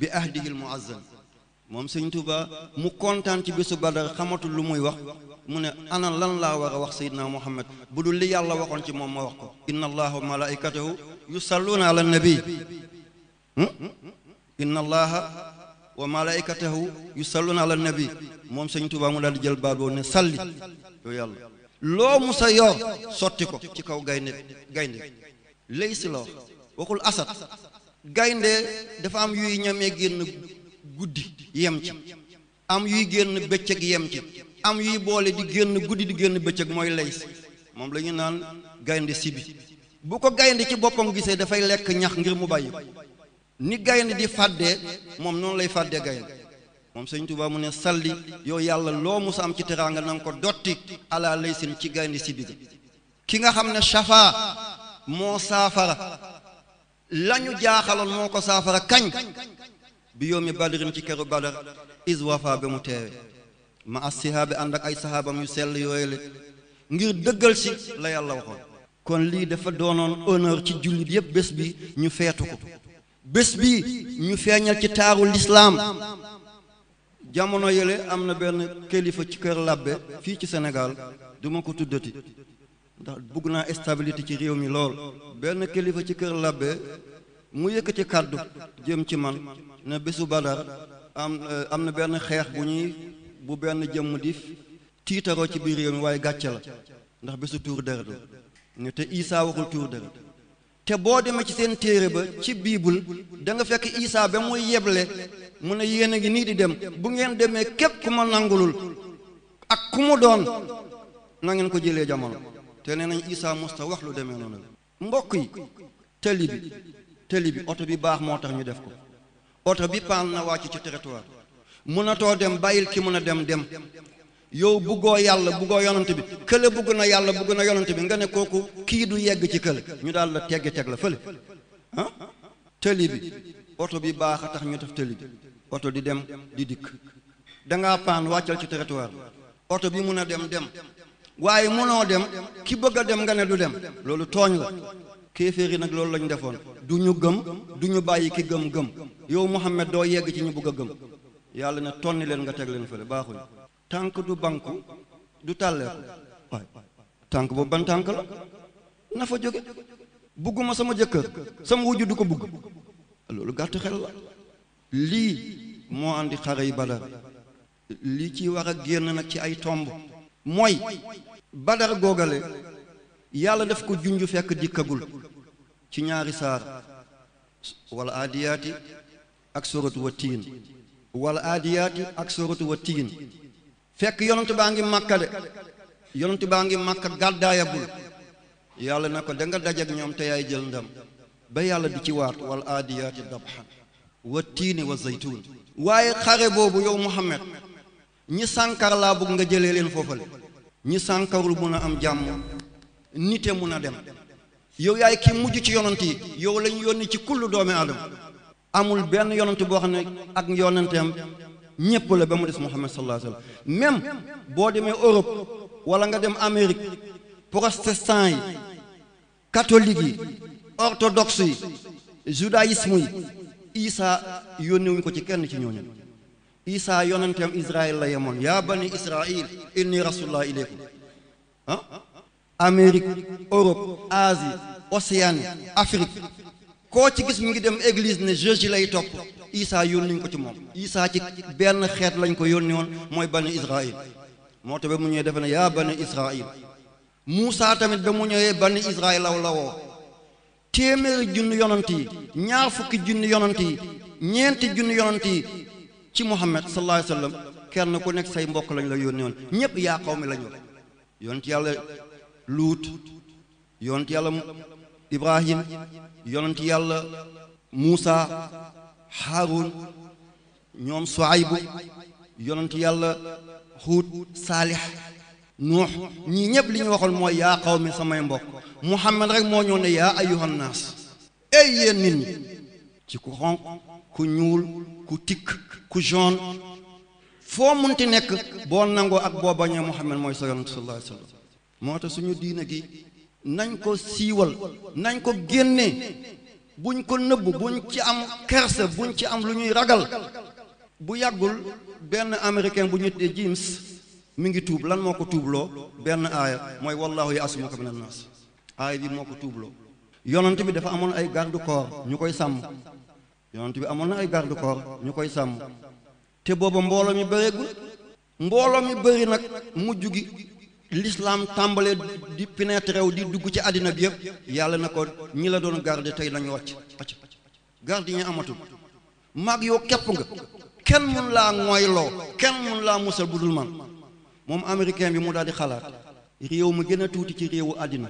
bi ahdihil muazzam moom sëñ Tuuba mu kontaan ci bésu Badar xamatul lu muy wax mu ne ana lan laa war a wax Seydina Muhammad bu dul li yàlla waxoon ci moom ma wax ko inna allaha wa malaikatahu yusalluuna ala nabi hm? inna allaha wa malaikatahu yusalluuna ala nabi moom sëñ Tuuba mu daal di jël baat boobu ne salli yow yàlla loo musa yor sotti ko ci kaw gaynde gaynde lay si la wax waxul asad gaynde dafa am yuy ñamee génn guddi yem ci am yuy génn bëccëg yem ci am yuy boole di génn guddi di génn bëccëg mooy lay moom lañu naan gaynde sibi bu ko gaynde ci boppam gisee dafay lekk ñax ngir mu bàyyi ni gaynde di fàddee moom noonu lay fàddee gaynde moom sëñ Tuubaa mu ne salli yow yàlla loo musa am ci teraanga na nga ko dotti ala lay ci gaynde sibi gi ki nga xam ne shafaa moo saafara lañu jaaxaloon moo ko saafara kañ bi yoomi badrin ci keru badar is wafa ba mu teewe ma as sihaabi ànd ak ay sahaabam yu sell yooyu le ngir dëggal si la yàlla waxoon kon lii dafa doonoon honneur ci jullit yépp bés bi ñu feetu ko bés bi ñu feeñal ci taaru lislaam jamono yële am na benn kilifa ci kër làbbe fii ci senegal duma ko tuddati ndax bugg naa stabilité ci réew mi lool benn kilifa ci kër labbe mu yëkkati kàddu jëm ci man ne bésu badar am euh, am na benn xeex bu ñuy bu benn jëmm di tiitaroo ci biir réew mi waaye gàcce la ndax bésu tuur deret la ne te Isaa waxul tuur deret te boo demee ci seen téere ba ci biibul da fekk Isaa ba muy yeble mu ne yéen a ngi nii di dem bu ngeen demee képp ku ma nangulul ak ku mu doon na ngeen ko jëlee jamono te nee nañ Isaa musta wax lu demee noonu la mbokk yi tëli bi tëli bi oto bi baax moo tax ñu def ko oto bi paan na wàcc ci territoire mënatoo dem bàyyil ki mën a dem dem yow buggoo yàlla buggoo yonant bi kële bugg na yàlla bugg na yonante bi nga ne kooku kii du yegg ci kële ñu daal la tegg teg la fële ah tëli bi oto bi baax a tax ñu def tëli bi oto di dem di dikk dangaa paan wàccal ci territoire bi oto bi mun a dem dem waaye mënoo dem ki bëgg a dem nga ne du dem loolu tooñ la kéeféer yi nag loolu lañu defoon du ñu gëm du ñu bàyyi ki gëm gëm yow Muhammad doo yegg ci ñu bëgg a gëm yàlla ne tonni leen nga teg leen fële baaxuñ tànk du banku du tàlleeku waay tànk boobu ban tànk la na fa jóge bugguma sama jëkkër sama wujju du ko bugg loolu gàtt xel la lii moo andi xare yi Badar lii ci war a génn nag ci ay tomb mooy badar googale yàlla def ko junj fekk dikkagul ci ñaari saar wala aadiyaati ak soratu wa tiin wala aadiyaati ak soratu wa tiin fekk yonent baa ngi màkka de yonent baa ngi màkka gàddaayagul yàlla na ko da nga dajak ñoom tey ay jël ndam ba yàlla di ci waat wala aadiyaati dabhan wa tiini wa zaytuun waaye xare boobu yow Muhammad ñi sànkar laa bëgg nga jëlee leen foofale ñi sànkarul mën a am jàmm nite mun a dem yow yaay ki mujj ci yonant yi yow lañ yónni ci kullu doomi aadama amul benn yonant boo xam ne ak yonanteem ñépp la ba mu des Muhammad sallallahu alayhi wa même boo demee Europe wala nga dem Amérique protestant yi catholique yi orthodoxe yi judaïsme yi Isa yónniwuñ ko ci kenn ci ñooñu isaa yonenteem israil la yemoon yaa bani israil inni rasulullah ilaykum ah amérique europe asie afrique koo ci gis mu ngi dem église ne jésus lay topp isaa yónni ñu ko ci moom isaa ci benn xeet lañ ko yónni woon mooy bani israil moo tax ba mu ñëwee defe ne yaa bani israil Moussa tamit ba mu ñëwee bani israil law la téeméeri junni yonant yi ñaar fukki junni yonant yi ñeenti junni yonant yi ci Muhammad sallallahu alayhi wa sallam kenn ku nekk say mbokk lañ la yónnee woon ñëpp yaa xaw mi lañ wax yonent yàlla luut yonent yàlla ibrahim yonent yàlla muusa haarun ñoom suaybu yonent yàlla xuut saalix nuux ñii ñëpp li ñu waxoon mooy yaa xaw mi samay mbokk muhammad rek moo ñëw ne yaa ayuhannaas ey yéen nit ñi ci ku xonq ku ñuul ku tikk ku jaune foo munti nekk boo nangoo ak boo bañee Muhammad mooy sa yoon sallallahu alayhi wa moo tax suñu diina gi nañ ko siiwal nañ ko génne buñ ko nëbb buñ ci am kerse buñ ci am lu ñuy ragal bu yàggul benn américain bu ñu tuddee James mi ngi tuub lan moo ko tuubloo benn aaya mooy wallahu ya'simuka minan naas aaya bi moo ko tuubloo yonent bi dafa amoon ay garde corps ñu koy sàmm yonent bi amoon na ay garde corps ñu koy sàmm te booba mbooloo mi bëreegul mbooloo mi bëri nag mujj gi l'islam tàmbalee di pénétrer wu di dugg ci àddina bi yëpp yàlla na ko ñi la doon garde tey nañu wàcc wàcc garde ñi amatul maag yow képp nga kenn mun laa loo kenn mun laa musal budul man moom américain bi mu daal di xalaat réew mi gën a tuuti ci réewu àddina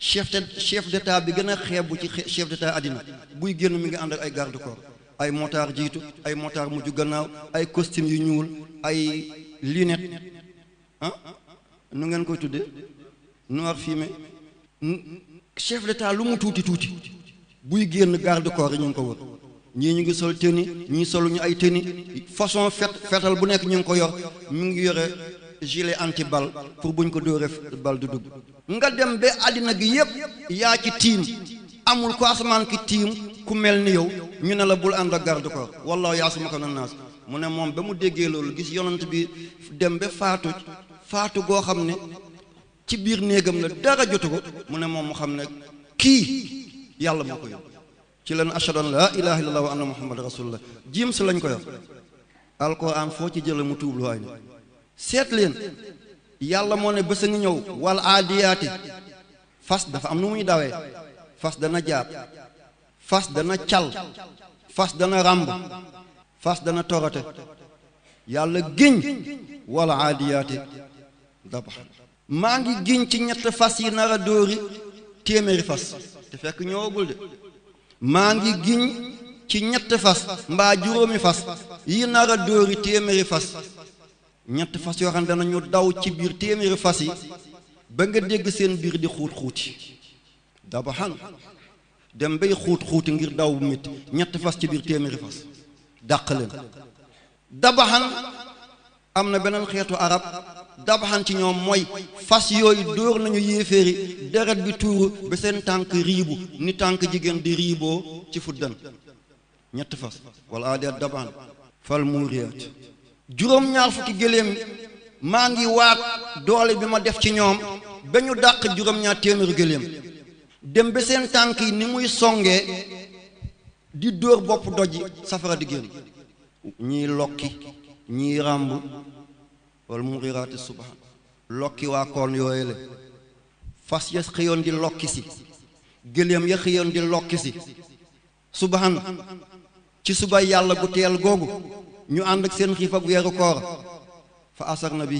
chef de chef d'état bi gën a xeebu ci chef d'état àddina buy génn mi ngi ànd ak ay garde corps ay motard jiitu ay motard mujj gannaaw ay costume yu ñuul ay lunette ah nu ngeen koy tuddee noir fumé chef d'état lu mu tuuti tuuti buy génn garde corps yi ñu ngi ko wër ñii ñu ngi sol tenue ñii soluñu ay tenue façon fet fetal bu nekk ñu ngi ko yor mi ngi yore gilet anti bal pour buñ ko dóoree bal du dugg nga dem ba àddina gi yëpp yaa ci tiim amul ko asamaan ki tiim ku mel ni yow ñu ne la bul ànd ak garde corps wallaahu yaasumuka na naas mu ne moom ba mu déggee loolu gis yonent bi dem ba faatu faatu goo xam ne ci biir néegam la dara jotu ko mu ne moom mu xam ne kii yàlla moo ko yóbbu ci leen ashhadu an laa ilaaha illallah wa anna muhammad rasulullah jiim si lañ ko yor alquran foo ci jële mu tuub lu ay seet leen yàlla moo ne bés a ngi ñëw wala aadiyaati fas dafa am nu muy dawee fas dana jaab fas dana cal fas dana ràmb fas dana torote yàlla giñ wala aadiyaati dabax maa ngi giñ ci ñett fas yi nar a dóori téeméeri fas te fekk ñëwagul de maa ngi giñ ci ñett fas mbaa juróomi fas yi nar a dóori téeméeri fas ñetti fas yoo xam ne danañu daw ci biir téeméeri fas yi ba nga dégg seen biir di xuut xuuti dabaxan dem bay xuut xuuti ngir daw bu ñetti fas ci biir téeméeri fas dàq leen dabaxan am na beneen xeetu arab dabaxan ci ñoom mooy fas yooyu dóor nañu yéeféeri deret bi tuuru ba seen tànk riibu ni tànk jigéen di riiboo ci fuddan ñett fas wala aadaat dabaxan fal muuriyaat juróom-ñaar fukki géléem maa ngi waat doole bi ma def ci ñoom ba ñu dàq juróom-ñaar téeméeri géléem dem ba seen tànk yi ni muy songee di dóor bopp doj safara di génn ñii lokki ñii ràmb wala muriraati subhan lokki waa koon yooyu la fas ya xëyoon di lokki si géléem ya xëyoon di lokki si subhan ci suba yàlla gu teel googu ñu ànd ak seen xiif ak weeru koor fa asar na bi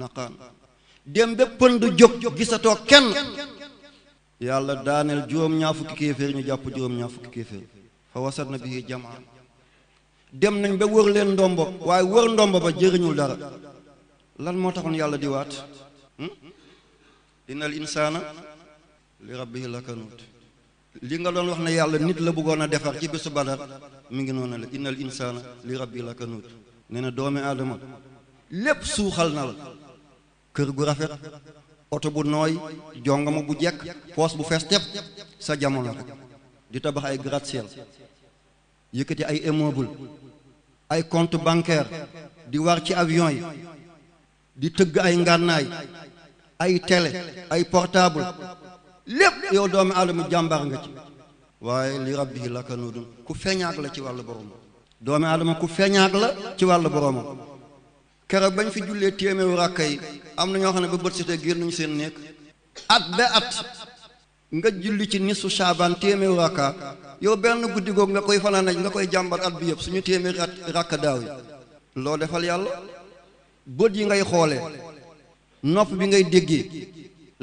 naqaan dem ba pënd jóg gisatoo kenn yàlla daaneel juróom-ñaar fukki kéeféer ñu jàpp juróom-ñaar fukki kéeféer fa wasat na bi jamaa dem nañ ba wër leen ndombo waaye wër ndombo ba jëriñul dara lan moo taxoon yàlla di waat hmm? inna al insaana li rabbihi lakanuut li nga doon wax ne yàlla nit la bëggoon a defar ci bésu badar mi ngi noonu la innal insaana li rabbi la kanuut nee na aadama lépp suuxal na la kër gu rafet oto bu nooy jongama bu jekk poos bu fees tepp sa jamono rek di tabax ay gratte-ciel yëkkati ay immeuble ay compte bancaire di war ci avion yi di tëgg ay ngànnaay ay télé ay portable lépp yow doomi aadama jàmbaar nga ci waaye li rabbihi lakanudun ku feeñaak la ci wàllu boroom doomu aadama ku feeñaak la ci wàllu boroomam keroog bañ fi jullee téeméeru ràkka yi am na ñoo xam ne ba bët setee génn nañu seen nekk at ba at nga julli ci nisu saabaan téeméeru ràkka yow benn guddi googu nga koy fanaan nga koy jàmbat at bi yëpp suñu téeméeri at ràkka daaw yi loo defal yàlla bët yi ngay xoolee nopp bi ngay déggee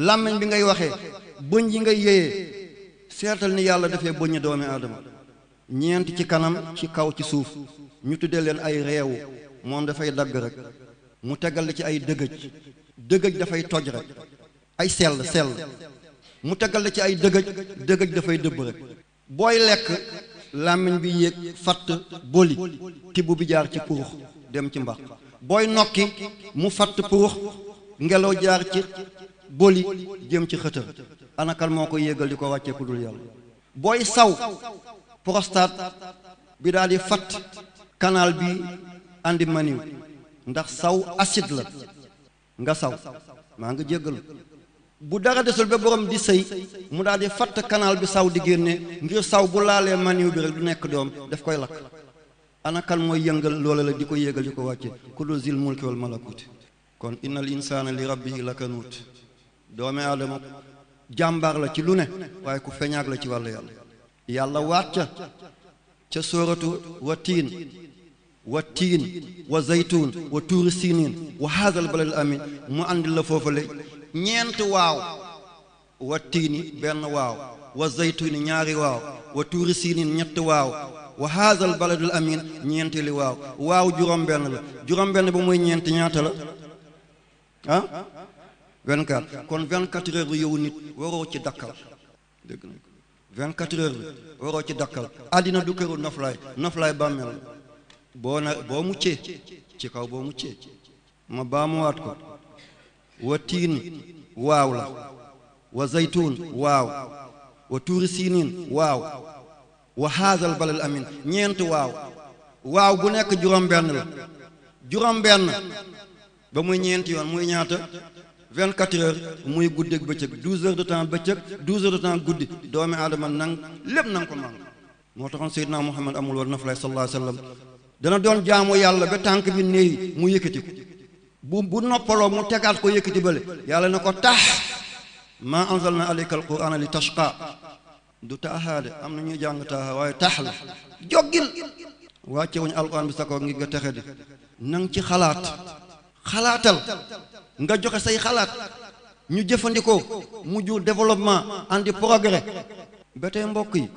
làmmiñ bi ngay waxee bëñ yi ngay yéyee seetal ni yàlla defee bëñ doomi aadama ñeent ci kanam ci kaw ci suuf ñu tuddee leen ay réewu moom dafay dagg rek mu tegal la ci ay dëgëj dëgëj dafay toj rek ay sell sell mu tegal la ci ay dëgëj dëgëj dafay dëbb rek booy lekk làmmiñ bi yéeg fatt boli tibb bi jaar ci purux dem ci mbax booy nokki mu fatt purux ngelaw jaar ci boli jëm ci xëtër ana moo koy yéegal di ko wàccee ku dul yàlla booy saw prostate bi daal di fat kanaal bi andi maniw ndax saw acide la nga saw maa nga jéggalu bu dara desul ba borom di sëy mu daal di fatt kanaal bi saw di génne ngir saw bu laalee maniw bi rek du nekk doom daf koy lakk ana mooy yëngal loole la di ko yéegal di ko wàcce ku dul zil mulki wal malakuti kon innal insaana li rabbihi lakanuut doome aadama jàmbaar la ci lu ne waaye ku feñaag la ci wàllu yàlla yàlla waat ca ca sóoratu wa tiin wa tiin wa zaytuun wa tuuri siniin wa haazal balal amin mu àndi la foofale ñeenti waaw wa tiini benn waaw wa zaytuuni ñaari waaw wa tuuri siniin ñetti waaw wa haazal baladul amin ñeenti waaw waaw juróom benn la juróom benn ba muy ñeenti ñaata la ah 24 kon 24 heures bi yow nit waroo ci dakkal dégg na bi waroo ci dakkal àddina du këru noflaay noflaay bàmmeel boo na boo muccee ci ci kaw boo ci ma baamuwaat ko wa tiin waaw la wa zaytuun waaw wa tuuri siiniin waaw wa haazal balal amin ñeent waaw waaw bu nekk juróom benn la juróom benn ba muy ñeenti yoon muy ñaata 24 heures muy guddeeg bëccëg 12 heures de temps bëccëg 12 heures de temps guddi doomi aadama nang lépp nang ko mang moo taxoon Seydina Muhammad amul war nafalay sallallahu alayhi wa sallam dana doon jaamu yàlla ba tànk bi néew mu yëkkati ko bu bu noppaloo mu tegaat ko yëkkati bale yàlla na ko tax maa anzalna alayka alqur'ana li tashqa du taaxaa de am na ñuy jàng taaxaa waaye tax la joggil wàcce wuñu alquran bi sa ko ngi nga texe di nang ci xalaat xalaatal nga joxe say xalaat ñu jëfandikoo mu jur développement andi progrès ba tey mbokk yi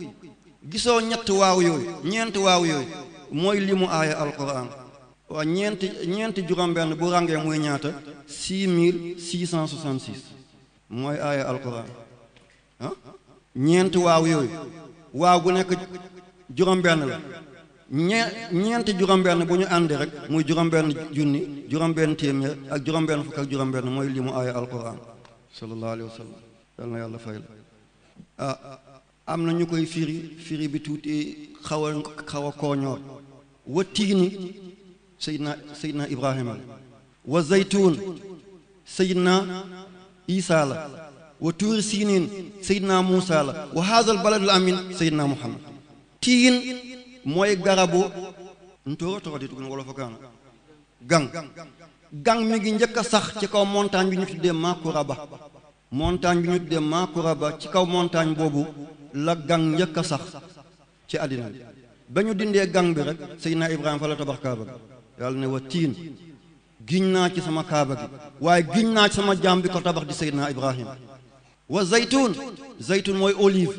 gisoo ñett waaw yooyu ñeenti waaw yooyu mooy li mu aaya alquran waaw ñeenti ñeenti juróom-benn bu ràngee muy ñaata six mille mooy aaya alquran ah ñeenti waaw yooyu waaw gu nekk juróom-benn la ñee ñeenti juróom-benn bu ñu àndi rek muy juróom-benn junni juróom-benn téeméer ak juróom-benn fukk ak juróom-benn mooy li mu aaya alquran sallallahu alayhi fay la ah am na ñu koy firi firi bi tuuti xaw a xaw a kooñoor wa tiini sayidna sayidna ibrahima la wa zaytuun sayidna isa la wa tuuri siiniin sayidna muusa la wa haazal baladul amin sayidna muhammad tiin mooy garabu ntóora tóora di tugun wolof kaana gang gang mi ngi njëkk a sax ci kaw montagne bi ñu tuddee Makuraba montagne bi ñu tuddee Makuraba ci kaw montagne boobu la gan njëkk a sax ci àddina bi ba ñu dindee gang bi rek Seydina Ibrahima fa la tabax kaaba gi yàlla ne wa tiin giñ naa ci sama kaaba gi waaye giñ naa ci sama jaam bi ko tabax di Seydina Ibrahima wa zaytun zaytun mooy olive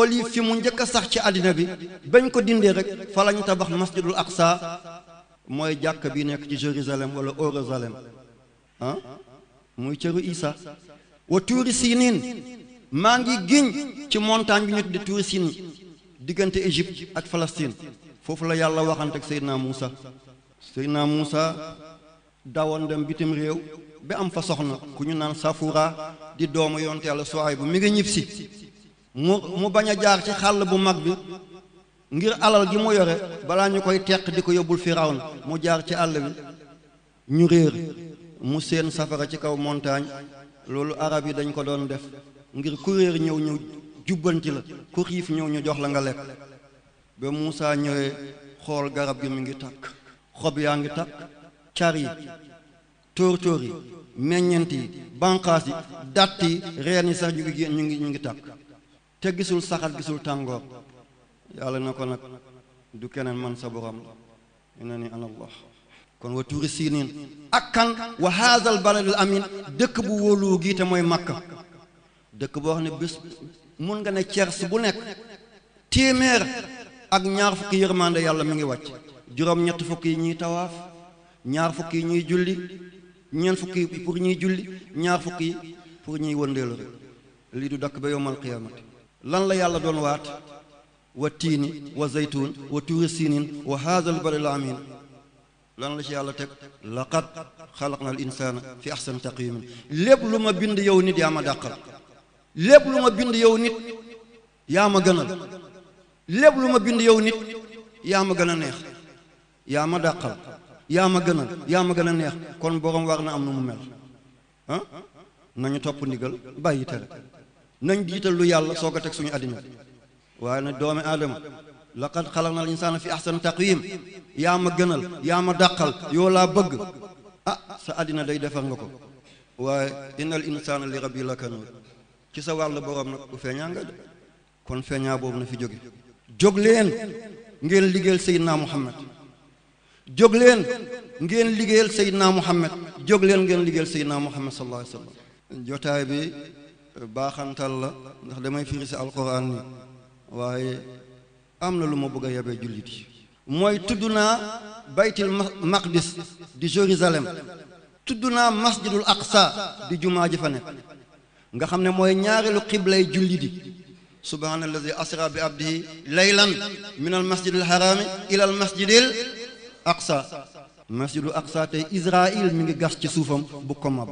olive fi mu njëkk sax ci àddina bi bañ ko dindee rek fa lañu tabax masjidul aqsa mooy jàkk bi nekk ci jérusalem wala orosalem ah muy cëru isa wa tuuri maa ngi giñ ci montagne bi ñu tudde tuuri diggante égypte ak palestine foofu la yàlla waxante ak seydina muusa seydina muusa dawoon dem bitim réew ba am fa soxna ku ñu naan safura di doomu yonte yàlla suwaay bu mi ngi ñibbisi mu mu bañ a jaar ci xàll bu mag bi ngir alal gi mu yore balaa ñu koy teq di ko yóbbul firawna mu jaar ci àll bi ñu réer mu seen safara ci kaw montagne loolu arab yi dañ ko doon def ngir ku réer ñëw ñu jubbanti la ku xiif ñëw ñu jox la nga lekk ba Muusaa ñëwee xool garab gi mu ngi takk xob yaa ngi takk car yi tóor tóor yi meññent yi banqaas yi datt yi reen yi sax ñu ngi ñu ngi ñu ngi takk te gisul saxat gisul tàngoor yàlla na ko nag du keneen man sa borom la na ni ana kon wa tuuri siniin ak kan wa haazal baladul amin dëkk bu wóolu gi te mooy makka dëkk boo xam ne bés mun nga ne si bu nekk téeméer ak ñaar fukki yërmande yàlla mi ngi wàcc juróom ñett fukki yi ñuy tawaaf ñaar fukki ñuy julli ñeent fukki pour ñuy julli ñaar fukki pour ñuy wëndeelu lii du dakk ba yowmal qiyaamati lan la yàlla doon waat wa tiini wa zaytuun wa tuuri siiniin wa haazal la amiin lan la ci yàlla teg laqad xalaqna al insaana fi ahsani taqwiim lépp lu ma bind yow nit yaa ma dàqal lépp lu ma bind yow nit yaa ma gënal lépp lu ma bind yow nit yaa ma gën a neex yaa ma dàqal yaa ma gënal yaa ma gën a neex kon borom war na am nu mu mel ah? nañu topp ndigal bàyyi tere nañ jiital lu yàlla soo a teg suñu àddina waaye nag doomi aadama laqad xalaqna al insaana fi ahsani taqwiim yaa ma gënal yaa ma dàqal yoo laa bëgg ah sa àddina day defar nga ko waaye innal insaana li rabbi lakanuud ci sa wàll boroom nag du feeñaa nga de kon feeñaa boobu na fi jóge jóg leen ngeen liggéeyal Seydina Muhammad jóg leen ngeen liggéeyal Seydina Muhammad jóg leen ngeen liggéeyal Seydina Muhammad sallallahu alayhi wa sallam jotaay bi baaxantal la ndax damay firi si alquran ni waaye am na lu ma bëgg a yabee jullit yi mooy tudd naa baytil maqdis di Jérusalem tudd naa masjidul aqsa di jumaa ji fa nekk nga xam ne mooy ñaareelu xiblay jullit yi subhaana allazi asra bi abdihi laylan min al masjidil harami ila al masjidil aqsa masjidul aqsa tey Israil mi ngi gas ci suufam bu komab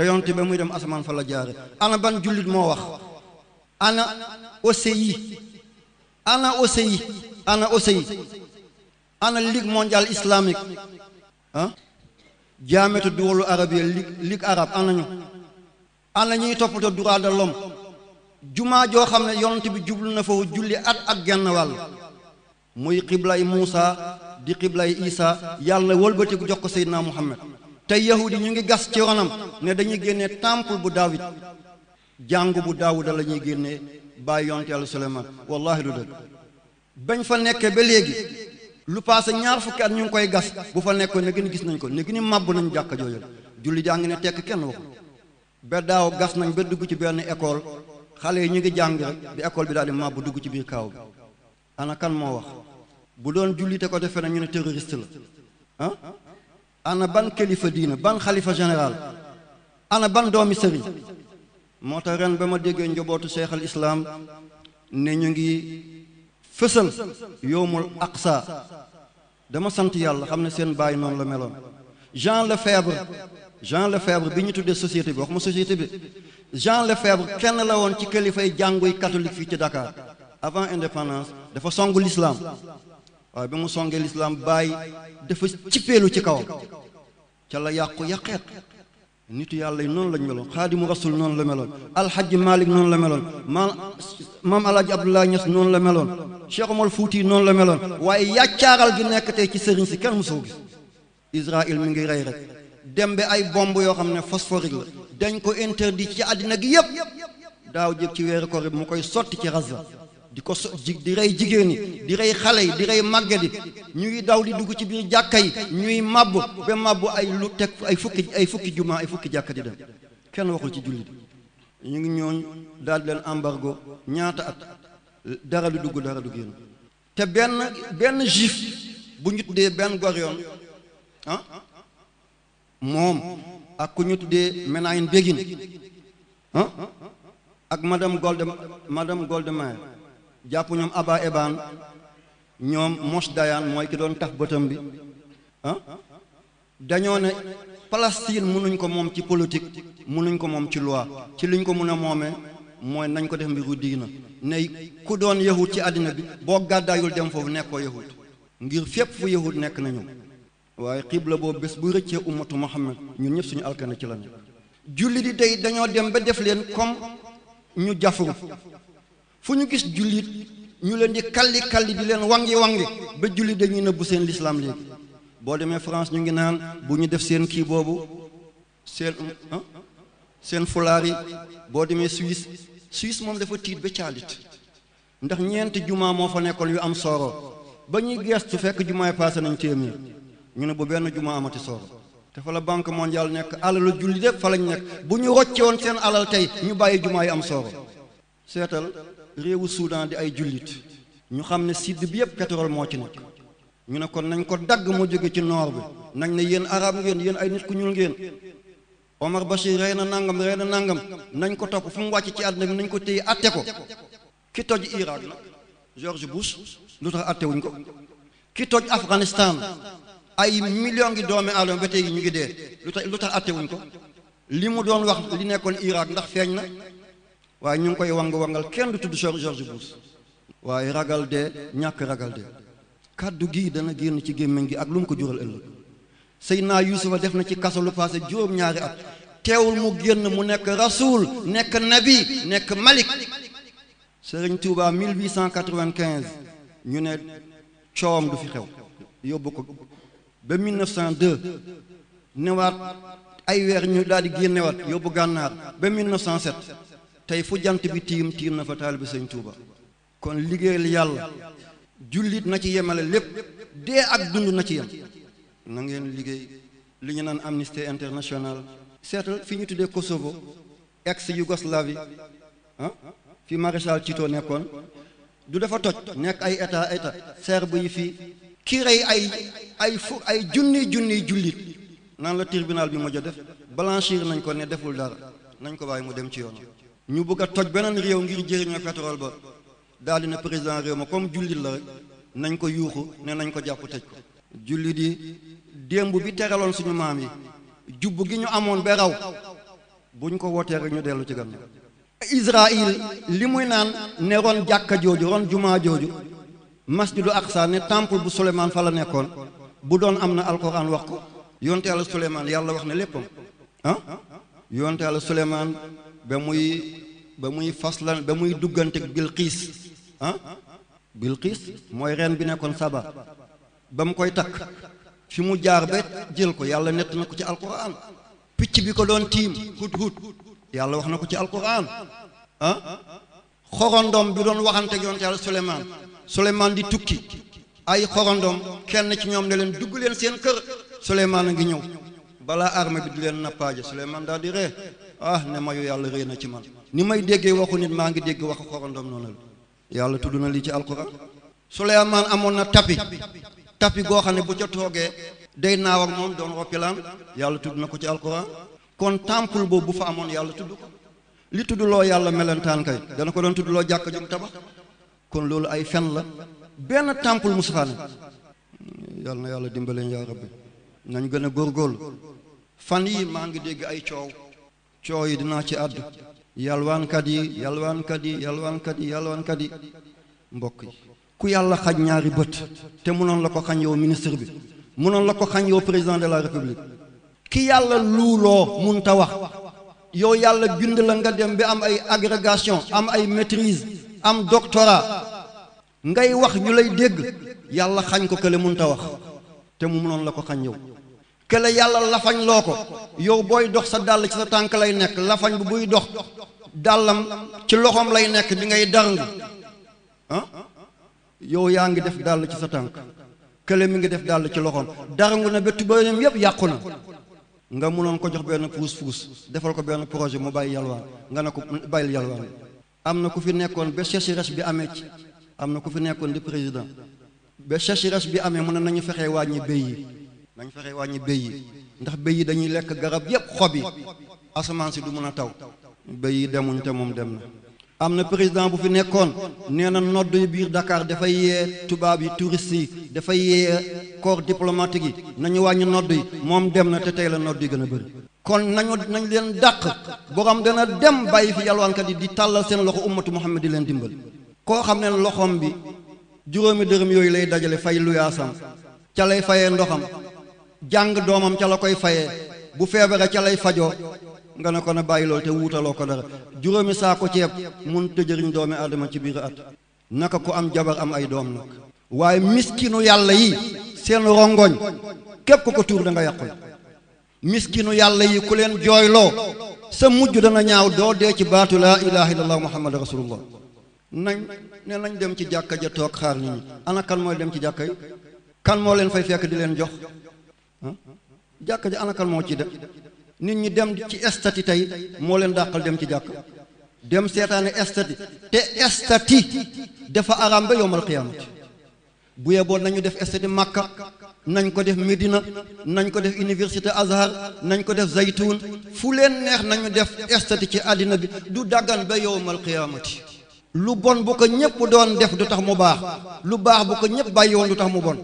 te yonent ba muy dem asamaan fa la jaare ana ban jullit moo wax ana OCI ana OCI ana OCI ana ligue mondiale duwalu arabia ligue ligue arabe ana ñuy toppatoo droit de jumaa joo xam ne yonent bi jublu na foofu julli at ak genn wàll muy xiblay Muusa di xiblay Isa yàlla na jox ko Seydina Muhammad tey te yahudi ñu ngi gas ci ronam ne dañuy génne temple bu daawit jàngu bu daawuda la ñuy génnee bàyyi yonte yàlla suleymaan wallahi du dëgg bañ fa nekkee ba léegi lu paase ñaar fukki at ñu ngi koy gas bu fa nekkoon ne gën gis nañ ko ne gën màbb nañ jàkka jooju julli jàng ne tekk kenn waxu ba daaw gas nañ ba dugg ci benn école xale yi ñu ngi jàng rek bi école bi daal di màbb dugg ci biir kaaw bi ana kan moo wax bu doon jullite ko defee na ñu ne terroriste la ah? ana ban kilifa diina ban xalifa général ana ban doomi sëriñ moo tax ren ba ma déggee njobootu seexal islaam islam ne ñu ngi fësal yowmul aqsa dama sant yàlla xam ne seen bàyyi noonu la meloon Jean Lefebvre Jean Lefebvre bi ñu tuddee société bi wax ma société bi Jean Lefebvre kenn la woon ci kilifay jànguy catholique fii ci Dakar avant indépendance dafa songu l'islam waaye bi mu songee lislaam bàyyi dafa cippeelu ci kawam ca la yàqu yàqeet nit yàlla yi noonu lañ meloon xaadimu rasul noonu la meloon alxaji malik noonu la meloon maam maam alaaji abdoulaye ñas noonu la meloon cheikh omar fuuti noonu la meloon waaye yàccaaral gi nekk tey ci sëriñ si kenn mosoo gis israël mi ngi rey rek dem be ay bomb yoo xam ne phosphorique la dañ ko interdit ci àddina gi yëpp daaw jëg ci weeru koor mu koy sotti ci Gaza di ko so di rey jigéen yi di rey xale yi di rey màgget yi ñuy daw di dugg ci biir jàkka yi ñuy màbb ba màbb ay lu teg ay fukki ay fukki juma ay fukki jàkka di dem kenn waxul ci jullit ñu ngi ñooñ daal di leen embargo ñaata at dara du dugg dara du génn te benn benn juif bu ñu tuddee benn goryoon ah moom ak ku ñu tuddee Menahem Begin ah ak madame Golda madame Golda jàpp ñoom Aba Ebaan ñoom Mos Dayan mooy ki doon taf bëtam bi ah dañoo ne Palestine mënuñ ko moom ci politique mënuñ ko moom ci loi ci liñ ko mën a moomee mooy nañ ko def mbiru diina ne ku doon yahut ci àddina bi boo gàddaayul dem foofu nekk ko yahut ngir fépp fu yahut nekk nañu waaye xibla boobu bés bu rëccee ummatu Muhammad ñun ñëpp suñu alkane ci lañu julli di tey dañoo dem ba def leen comme ñu jafru fu ñu gis jullit ñu leen di kalli kalli bi leen wangi wangi ba jullit dañuy nëbbu seen lislaam léegi boo demee France ñu ngi naan bu ñu def seen kii boobu seen ah, seen fulaar yi boo demee Suisse Suisse moom dafa tiit ba caalit ndax ñeenti jumaa moo fa nekkoon yu am sooro ba ñuy geestu fekk jumaay passé nañ téeméer ñu ne bu benn jumaa amati sooro te fa la banque mondiale nekk alalu julli de fa lañ nekk bu ñu rocce seen alal tey ñu bàyyi jumaa yi am sooro seetal réewu Soudan di ay jullit ñu xam ne sud bi yëpp pétrole moo ci nekk ñu ne kon nañ ko dagg mu jóge ci nord bi nañ ne yéen arab ngeen yéen ay nit ku ñuul ngeen Omar Bachir rey na nangam rey na nangam nañ ko topp fu mu wàcc ci àdduna bi nañ ko téye atte ko ki toj Irak nag George Bush lu tax atte wuñ ko ki toj Afghanistan ay million ngi doomi aadama ba tey ñu ngi dee lu tax lu tax atte wuñ ko li mu doon wax li nekkoon Irak ndax feeñ na waaye ñu ngi koy wang-wangal kenn du tudd George Bush waaye ragal dee ñàkk ragal dee kàddu gi dana génn ci gémmiñ gi ak lu mu ko jural ëllëg Seydina Yuusufa def na ci kaso lu passé juróom-ñaari at teewul mu génn mu nekk rasul nekk nabi nekk malik Serigne Touba 1895 ñu ne coom du fi xew yóbbu ko ba 1902 newaat ay weer ñu daal di génnewaat yóbbu gànnaar ba tey fu jant bi tiim tiim na fa taalibe sëñ Tuuba kon liggéeyal yàlla jullit na ci yemale lépp dee ak dund na ci yem na ngeen liggéey li ñu naan Amnesty International seetal fi ñu tuddee Kosovo ex Yougoslavie ah fi maréchal Tito nekkoon du dafa toj nekk ay état état serbe yi fi kii rey ay ay fu ay junni junni jullit nan la tribunal bi mujj a def blanchir nañ ko ne deful dara nañ ko bàyyi mu dem ci yoon ñu bëgg a toj beneen réew ngir jëriñoo pétrole ba daal dina président réew ma comme jullit la rek nañ ko yuuxu ne nañ ko jàpp tëj ko jullit yi démb bi teraloon suñu maam yi jubb gi ñu amoon ba raw buñ ko wootee rek ñu dellu ci gannaaw Israël li muy naan ne ron jàkka jooju ron jumaa jooju masjidu aqsa ne temple bu Souleymane fa la nekkoon bu doon am na alquran wax ko yonte yàlla yàlla wax ne léppam ah yonte ba muy ba muy faslan ba muy duggante bilqiis ah bilqiis mooy reen bi nekkoon saba ba mu koy takk fi mu jaar ba jël ko yàlla nett na ko ci alquran picc bi ko doon tiim hut hut yàlla wax na ko ci alquran ah xorondom bi doon waxante ak yonte yàlla Souleymane Souleymane di tukki ay xorondom kenn ci ñoom ne leen dugg leen seen kër Souleymane a ngi ñëw balaa armée bi di leen nappaaje Souleymane daal di ree ah ne mayu yàlla rëy na ci man ni may déggee waxu nit maa ngi dégg waxu xorondom noonu la yàlla tudd na lii ci alquran Souleymane amoon na tapi tappi goo xam ne bu ca toogee day naaw ak moom doon roppilaan yàlla tudd na ko ci alquran kon temple boobu bu fa amoon yàlla tudd ko li tudd loo yàlla melentaan kay dana ko doon tudd loo jàkk jum tabax kon loolu ay fenn la benn temple musaxaane yàlla na yàlla fan yii maa ngi dégg ay coow coow yi dinaa ci àddu yalwaankat yi yalwaankat yi yalwaankat yi yalwaankat yi mbokk yi ku yàlla xañ ñaari bët te mënoon la ko xañ yow ministre bi mënoon la ko xañ yow président de la république ki yàlla luuloo mun ta wax yow yàlla bind la nga dem bi am ay agrégation am ay maîtrise am doctorat ngay wax ñu lay dégg yàlla xañ ko kële mun wax te mu mënoon la ko xañ yow ke la yàlla lafañ loo ko yow booy dox sa dàll ci sa tànk lay nekk lafañ bu buy dox dàllam ci loxoom lay nekk bi ngay dar ah yow yaa ngi def dàll ci sa tànk kële mi ngi def dàll ci loxoom darangu na ba tubéenam yëpp yàqu na nga munoon ko jox benn fuus fuus defal ko benn projet mu bàyyi yalwaan nga ne ko bàyyil yalwaan am na ku fi nekkoon ba sécheresse bi amee ci am na ku fi nekkoon di président ba sécheresse bi amee mu na nañu fexee wàññi béy yi dañ fexe wàññi béy yi ndax béy yi dañuy lekk garab yépp xob yi asamaan si du mën a taw béy yi demuñ te moom dem na am na président bu fi nekkoon nee na nodd yu biir Dakar dafay yee tubaab yi touristes yi dafay yee corps diplomatique yi nañu wàññi nodd yi moom dem na te tey la nodd yi gën a bëri kon nañu nañ leen dàq borom dana dem bàyyi fi yalwaankat yi di tàllal seen loxo ummatu Muhammad di leen dimbal koo xam ne loxoom bi juróomi dërëm yooyu lay dajale fay luyaasam jàng doomam ca la koy fayee bu feebare ca lay fajoo nga ne ko na bàyyi te wuutaloo ko dara juróomi saako ceeb mënut a jëriñ doomi aadama ci biir at naka ko am jabar am ay doom nag waaye miskinu yàlla yi seen rongoñ képp ku ko tuur da nga yàqul miskinu yàlla yi ku leen jooyloo sa mujj dana ñaaw doo dee ci baatu laa ilaha illallah muhammad rasulullah nañ ne nañ dem ci jàkka ja toog xaar nit ñi ana kan mooy dem ci jàkka yi kan moo leen fay fekk di leen jox jàkk ji anakal moo ci dem nit ñi dem ci estati tey moo leen dàqal dem ci jàkk dem seetaane estati te estati dafa araam ba yowmal xiyaamati bu yeboon nañu def estati Makka nañ ko def Medina nañ ko def université Azhar nañ ko def Zaytun fu leen neex nañu def estati ci àddina bi du daggan ba yowmal xiyaamati lu bon bu ko ñëpp doon def du tax mu baax lu baax bu ko ñëpp bàyyi woon du tax mu bon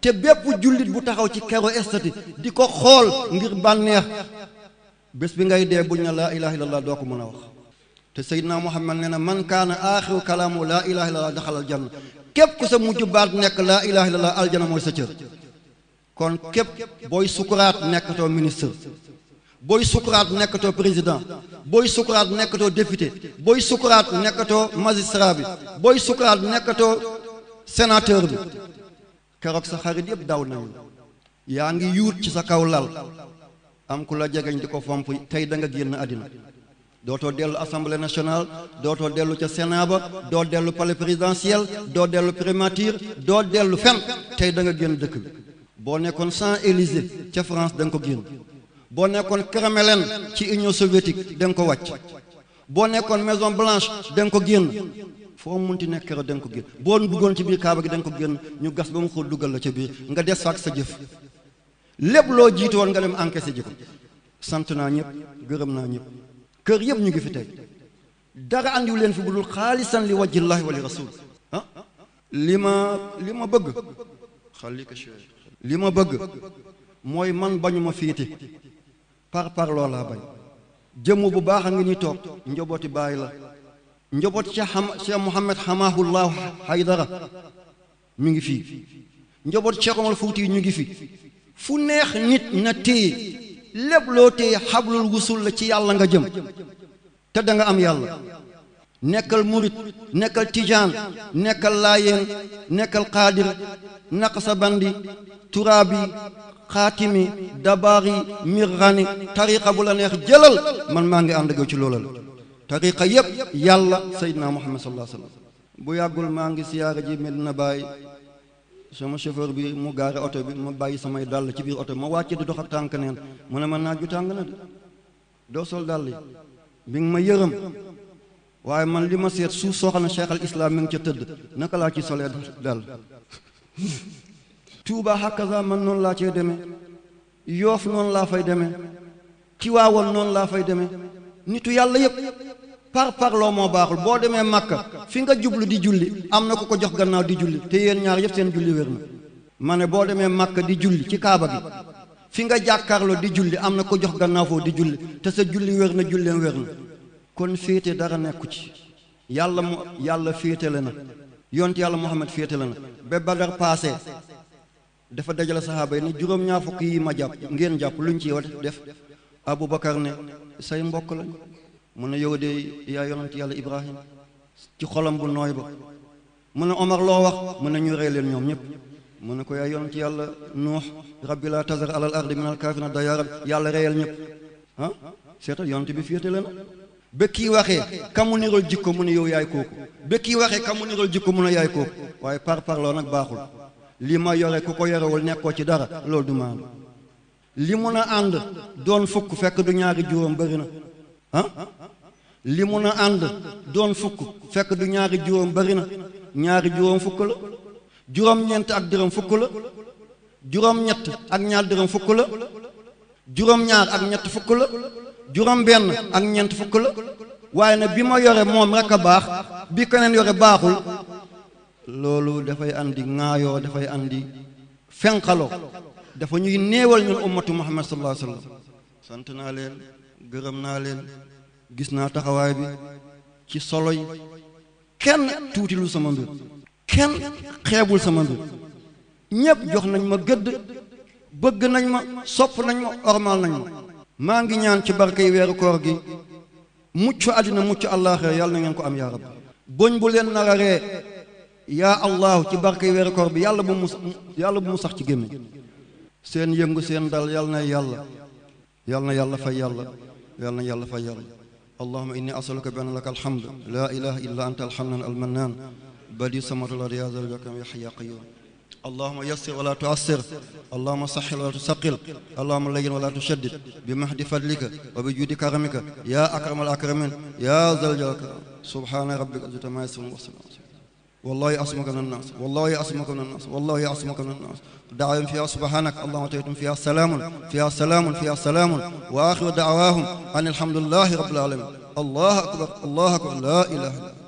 te bépp jullit bu taxaw ci kero estati di ko xool ngir bànneex bés bi ngay dee buñ na laa ilaha illallah doo ko mën a wax te seydina muhammad nee na man kaana aaxiru kalaamu laa ilaha illallah daxal aljanna képp ku sa mujj baat nekk laa ilaha illallah aljanna mooy sa cër kon képp booy sukuraat nekkatoo ministre booy sukuraat nekkatoo président booy sukuraat nekkatoo député booy sukuraat nekkatoo magistrat bi booy sukuraat nekkatoo sénateur bi keroog sa xarit yëpp daw nañu yaa ngi yuut ci sa kaw lal am ku la jegeñ di ko fomp tey da nga génn àddina dootoo dellu assemblée nationale dootoo dellu ca sénat ba doo dellu palais présidentiel doo dellu primature doo dellu fen tey danga nga génn dëkk bi boo nekkoon Champs-Élysées ca France da ko génn boo nekkoon Kremlin ci Union soviétique da nga ko wàcc boo nekkoon Maison Blanche da ko génn foo mun munti nekk keroog da nga ko génn boo duggoon ci biir kaaba gi da ko génn ñu gas ba mu xool duggal la ca biir nga des fa ak sa jëf lépp loo jiitu woon nga dem encaissé ji ko sant naa ñëpp gërëm naa ñëpp kër yëpp ñu ngi fi tey dara andiwu leen fi bu dul xaalisan li wajhillahi wa li rasul ah li ma li ma bëgg xalika li ma bëgg mooy man bañu ma fiiti par par laa bañ jëmm bu baax a ngi ni toog njobooti bàyyi la njaboot Cheikh Ham Cheikh Mouhamed Hamahullah Haydara mu ngi fii njaboot Cheikh Omar Fouti ñu ngi fi fu neex nit na téye lépp loo téye xablul wusul la ci yàlla nga jëm te da nga am yàlla nekkal murit nekkal tijaan nekkal laayeen nekkal xaadir naqsabandi turaabi xaatimi dabaari mirrani tariqa bu la neex jëlal man maa ngi ànd ak ci loolal tariqa yëpp yàlla seydina muhammad sallallahu alayhi wa sallam bu yàggul maa ngi siyaara ji Medina Baye sama chauffeur bi mu gaare oto bi ma bàyyi samay dàll ci biir oto bi ma wàcce di dox ak tànk neen mu ne ma naaj ju tàng na de doo sol dàll yi bi nga ma yërëm waaye man li ma seet suuf soo xam ne cheikh al islam mi ngi ca tëdd naka laa ci solee dàll Touba hakaza man noonu laa cee demee yoof noonu laa fay demee Tiwaawoon noonu laa fay demee nitu yàlla yëpp par parloo moo baaxul boo demee Makka fi nga jublu di julli am na ku ko jox gannaaw di julli te yéen ñaar yëpp seen julli wér na ma ne boo demee Makka di julli ci Kaaba gi fi nga jàkkaarloo di julli am na ko jox gannaaw foofu di julli te sa julli wér na julleen wér na kon féete dara nekku ci yàlla moo yàlla féetale na yonte yàlla Muhammad féetale na ba Badar passé dafa dajale saxaaba yi ne juróom-ñaar fukk yi ma jàpp ngeen jàpp lu ñu ci war def Aboubacar ne say mbokk lañ mu a yow de yaa yonent yàlla ibrahim ci xolam bu nooy ba mu ne omar loo wax mu a ñu rey leen ñoom ñëpp mu ne ko yaa yonent yàlla nuux rabbi laa tazar alal ardi minal kaafirina dayaaran yàlla reyal ñëpp seetal yonent bi féete la na ba kii waxee kamu niral jikko mu ne yow yaay kooku ba kii waxee kamu niral mu ne yaay kooku waaye par parloo nag baaxul li ma yore ku ko yorewul nekkoo ci dara loolu du maandu li mun a ànd doon fukk fekk du ñaari juróom bëri na li mun a ànd doon fukk fekk du ñaari juróom bari na ñaari juróom fukk la juróom-ñeent ak dërëm fukk la juróom ak ñaar dërëm fukk la juróom ak ñett fukk la juróom-benn ak ñeent fukk la waaye ne bi ma yore moom rek a baax bi keneen yore baaxul loolu dafay andi ŋaayoo dafay andi fenqaloo dafa ñuy néewal ñun ummatu muhammad sant naa leen gërëm naa leen gis naa taxawaay bi ci solo yi kenn tuutilu sama mbir kenn xeebul sama mbir ñépp jox nañ ma gëdd bëgg nañ ma sopp nañ ma ormal nañ ma maa ngi ñaan ci barke yi weeru koor gi mucc àddina mucc àllaaxira yàlla na ngeen ko am yaa rabbi boñ bu leen nar a ree yaa allahu ci barke yi weeru koor bi yàlla bu mu yàlla bu mu sax ci gémmiñ seen yëngu seen dal yàlla na yàlla yàlla na yàlla fay yàlla yàlla na yàlla fay yàlla اللهم إني أسألك بأن لك الحمد لا إله إلا أنت الحنان المنان بديع السماوات والأرض يا ذا الجلال يا حي يا قيوم اللهم يسر ولا تعسر اللهم سهل ولا تسقل اللهم لين ولا تشدد بمهد فضلك وبجود كرمك يا أكرم الأكرمين يا ذا الجلال سبحان ربك ذي العزة عما يصفون والله يعصمك من الناس والله يعصمك من الناس والله يعصمك من الناس دعاهم فيها سبحانك اللهم وتعالى فيها سلام فيها سلام فيها سلام وآخر دعواهم أن الحمد لله رب العالمين الله أكبر الله أكبر لا إله إلا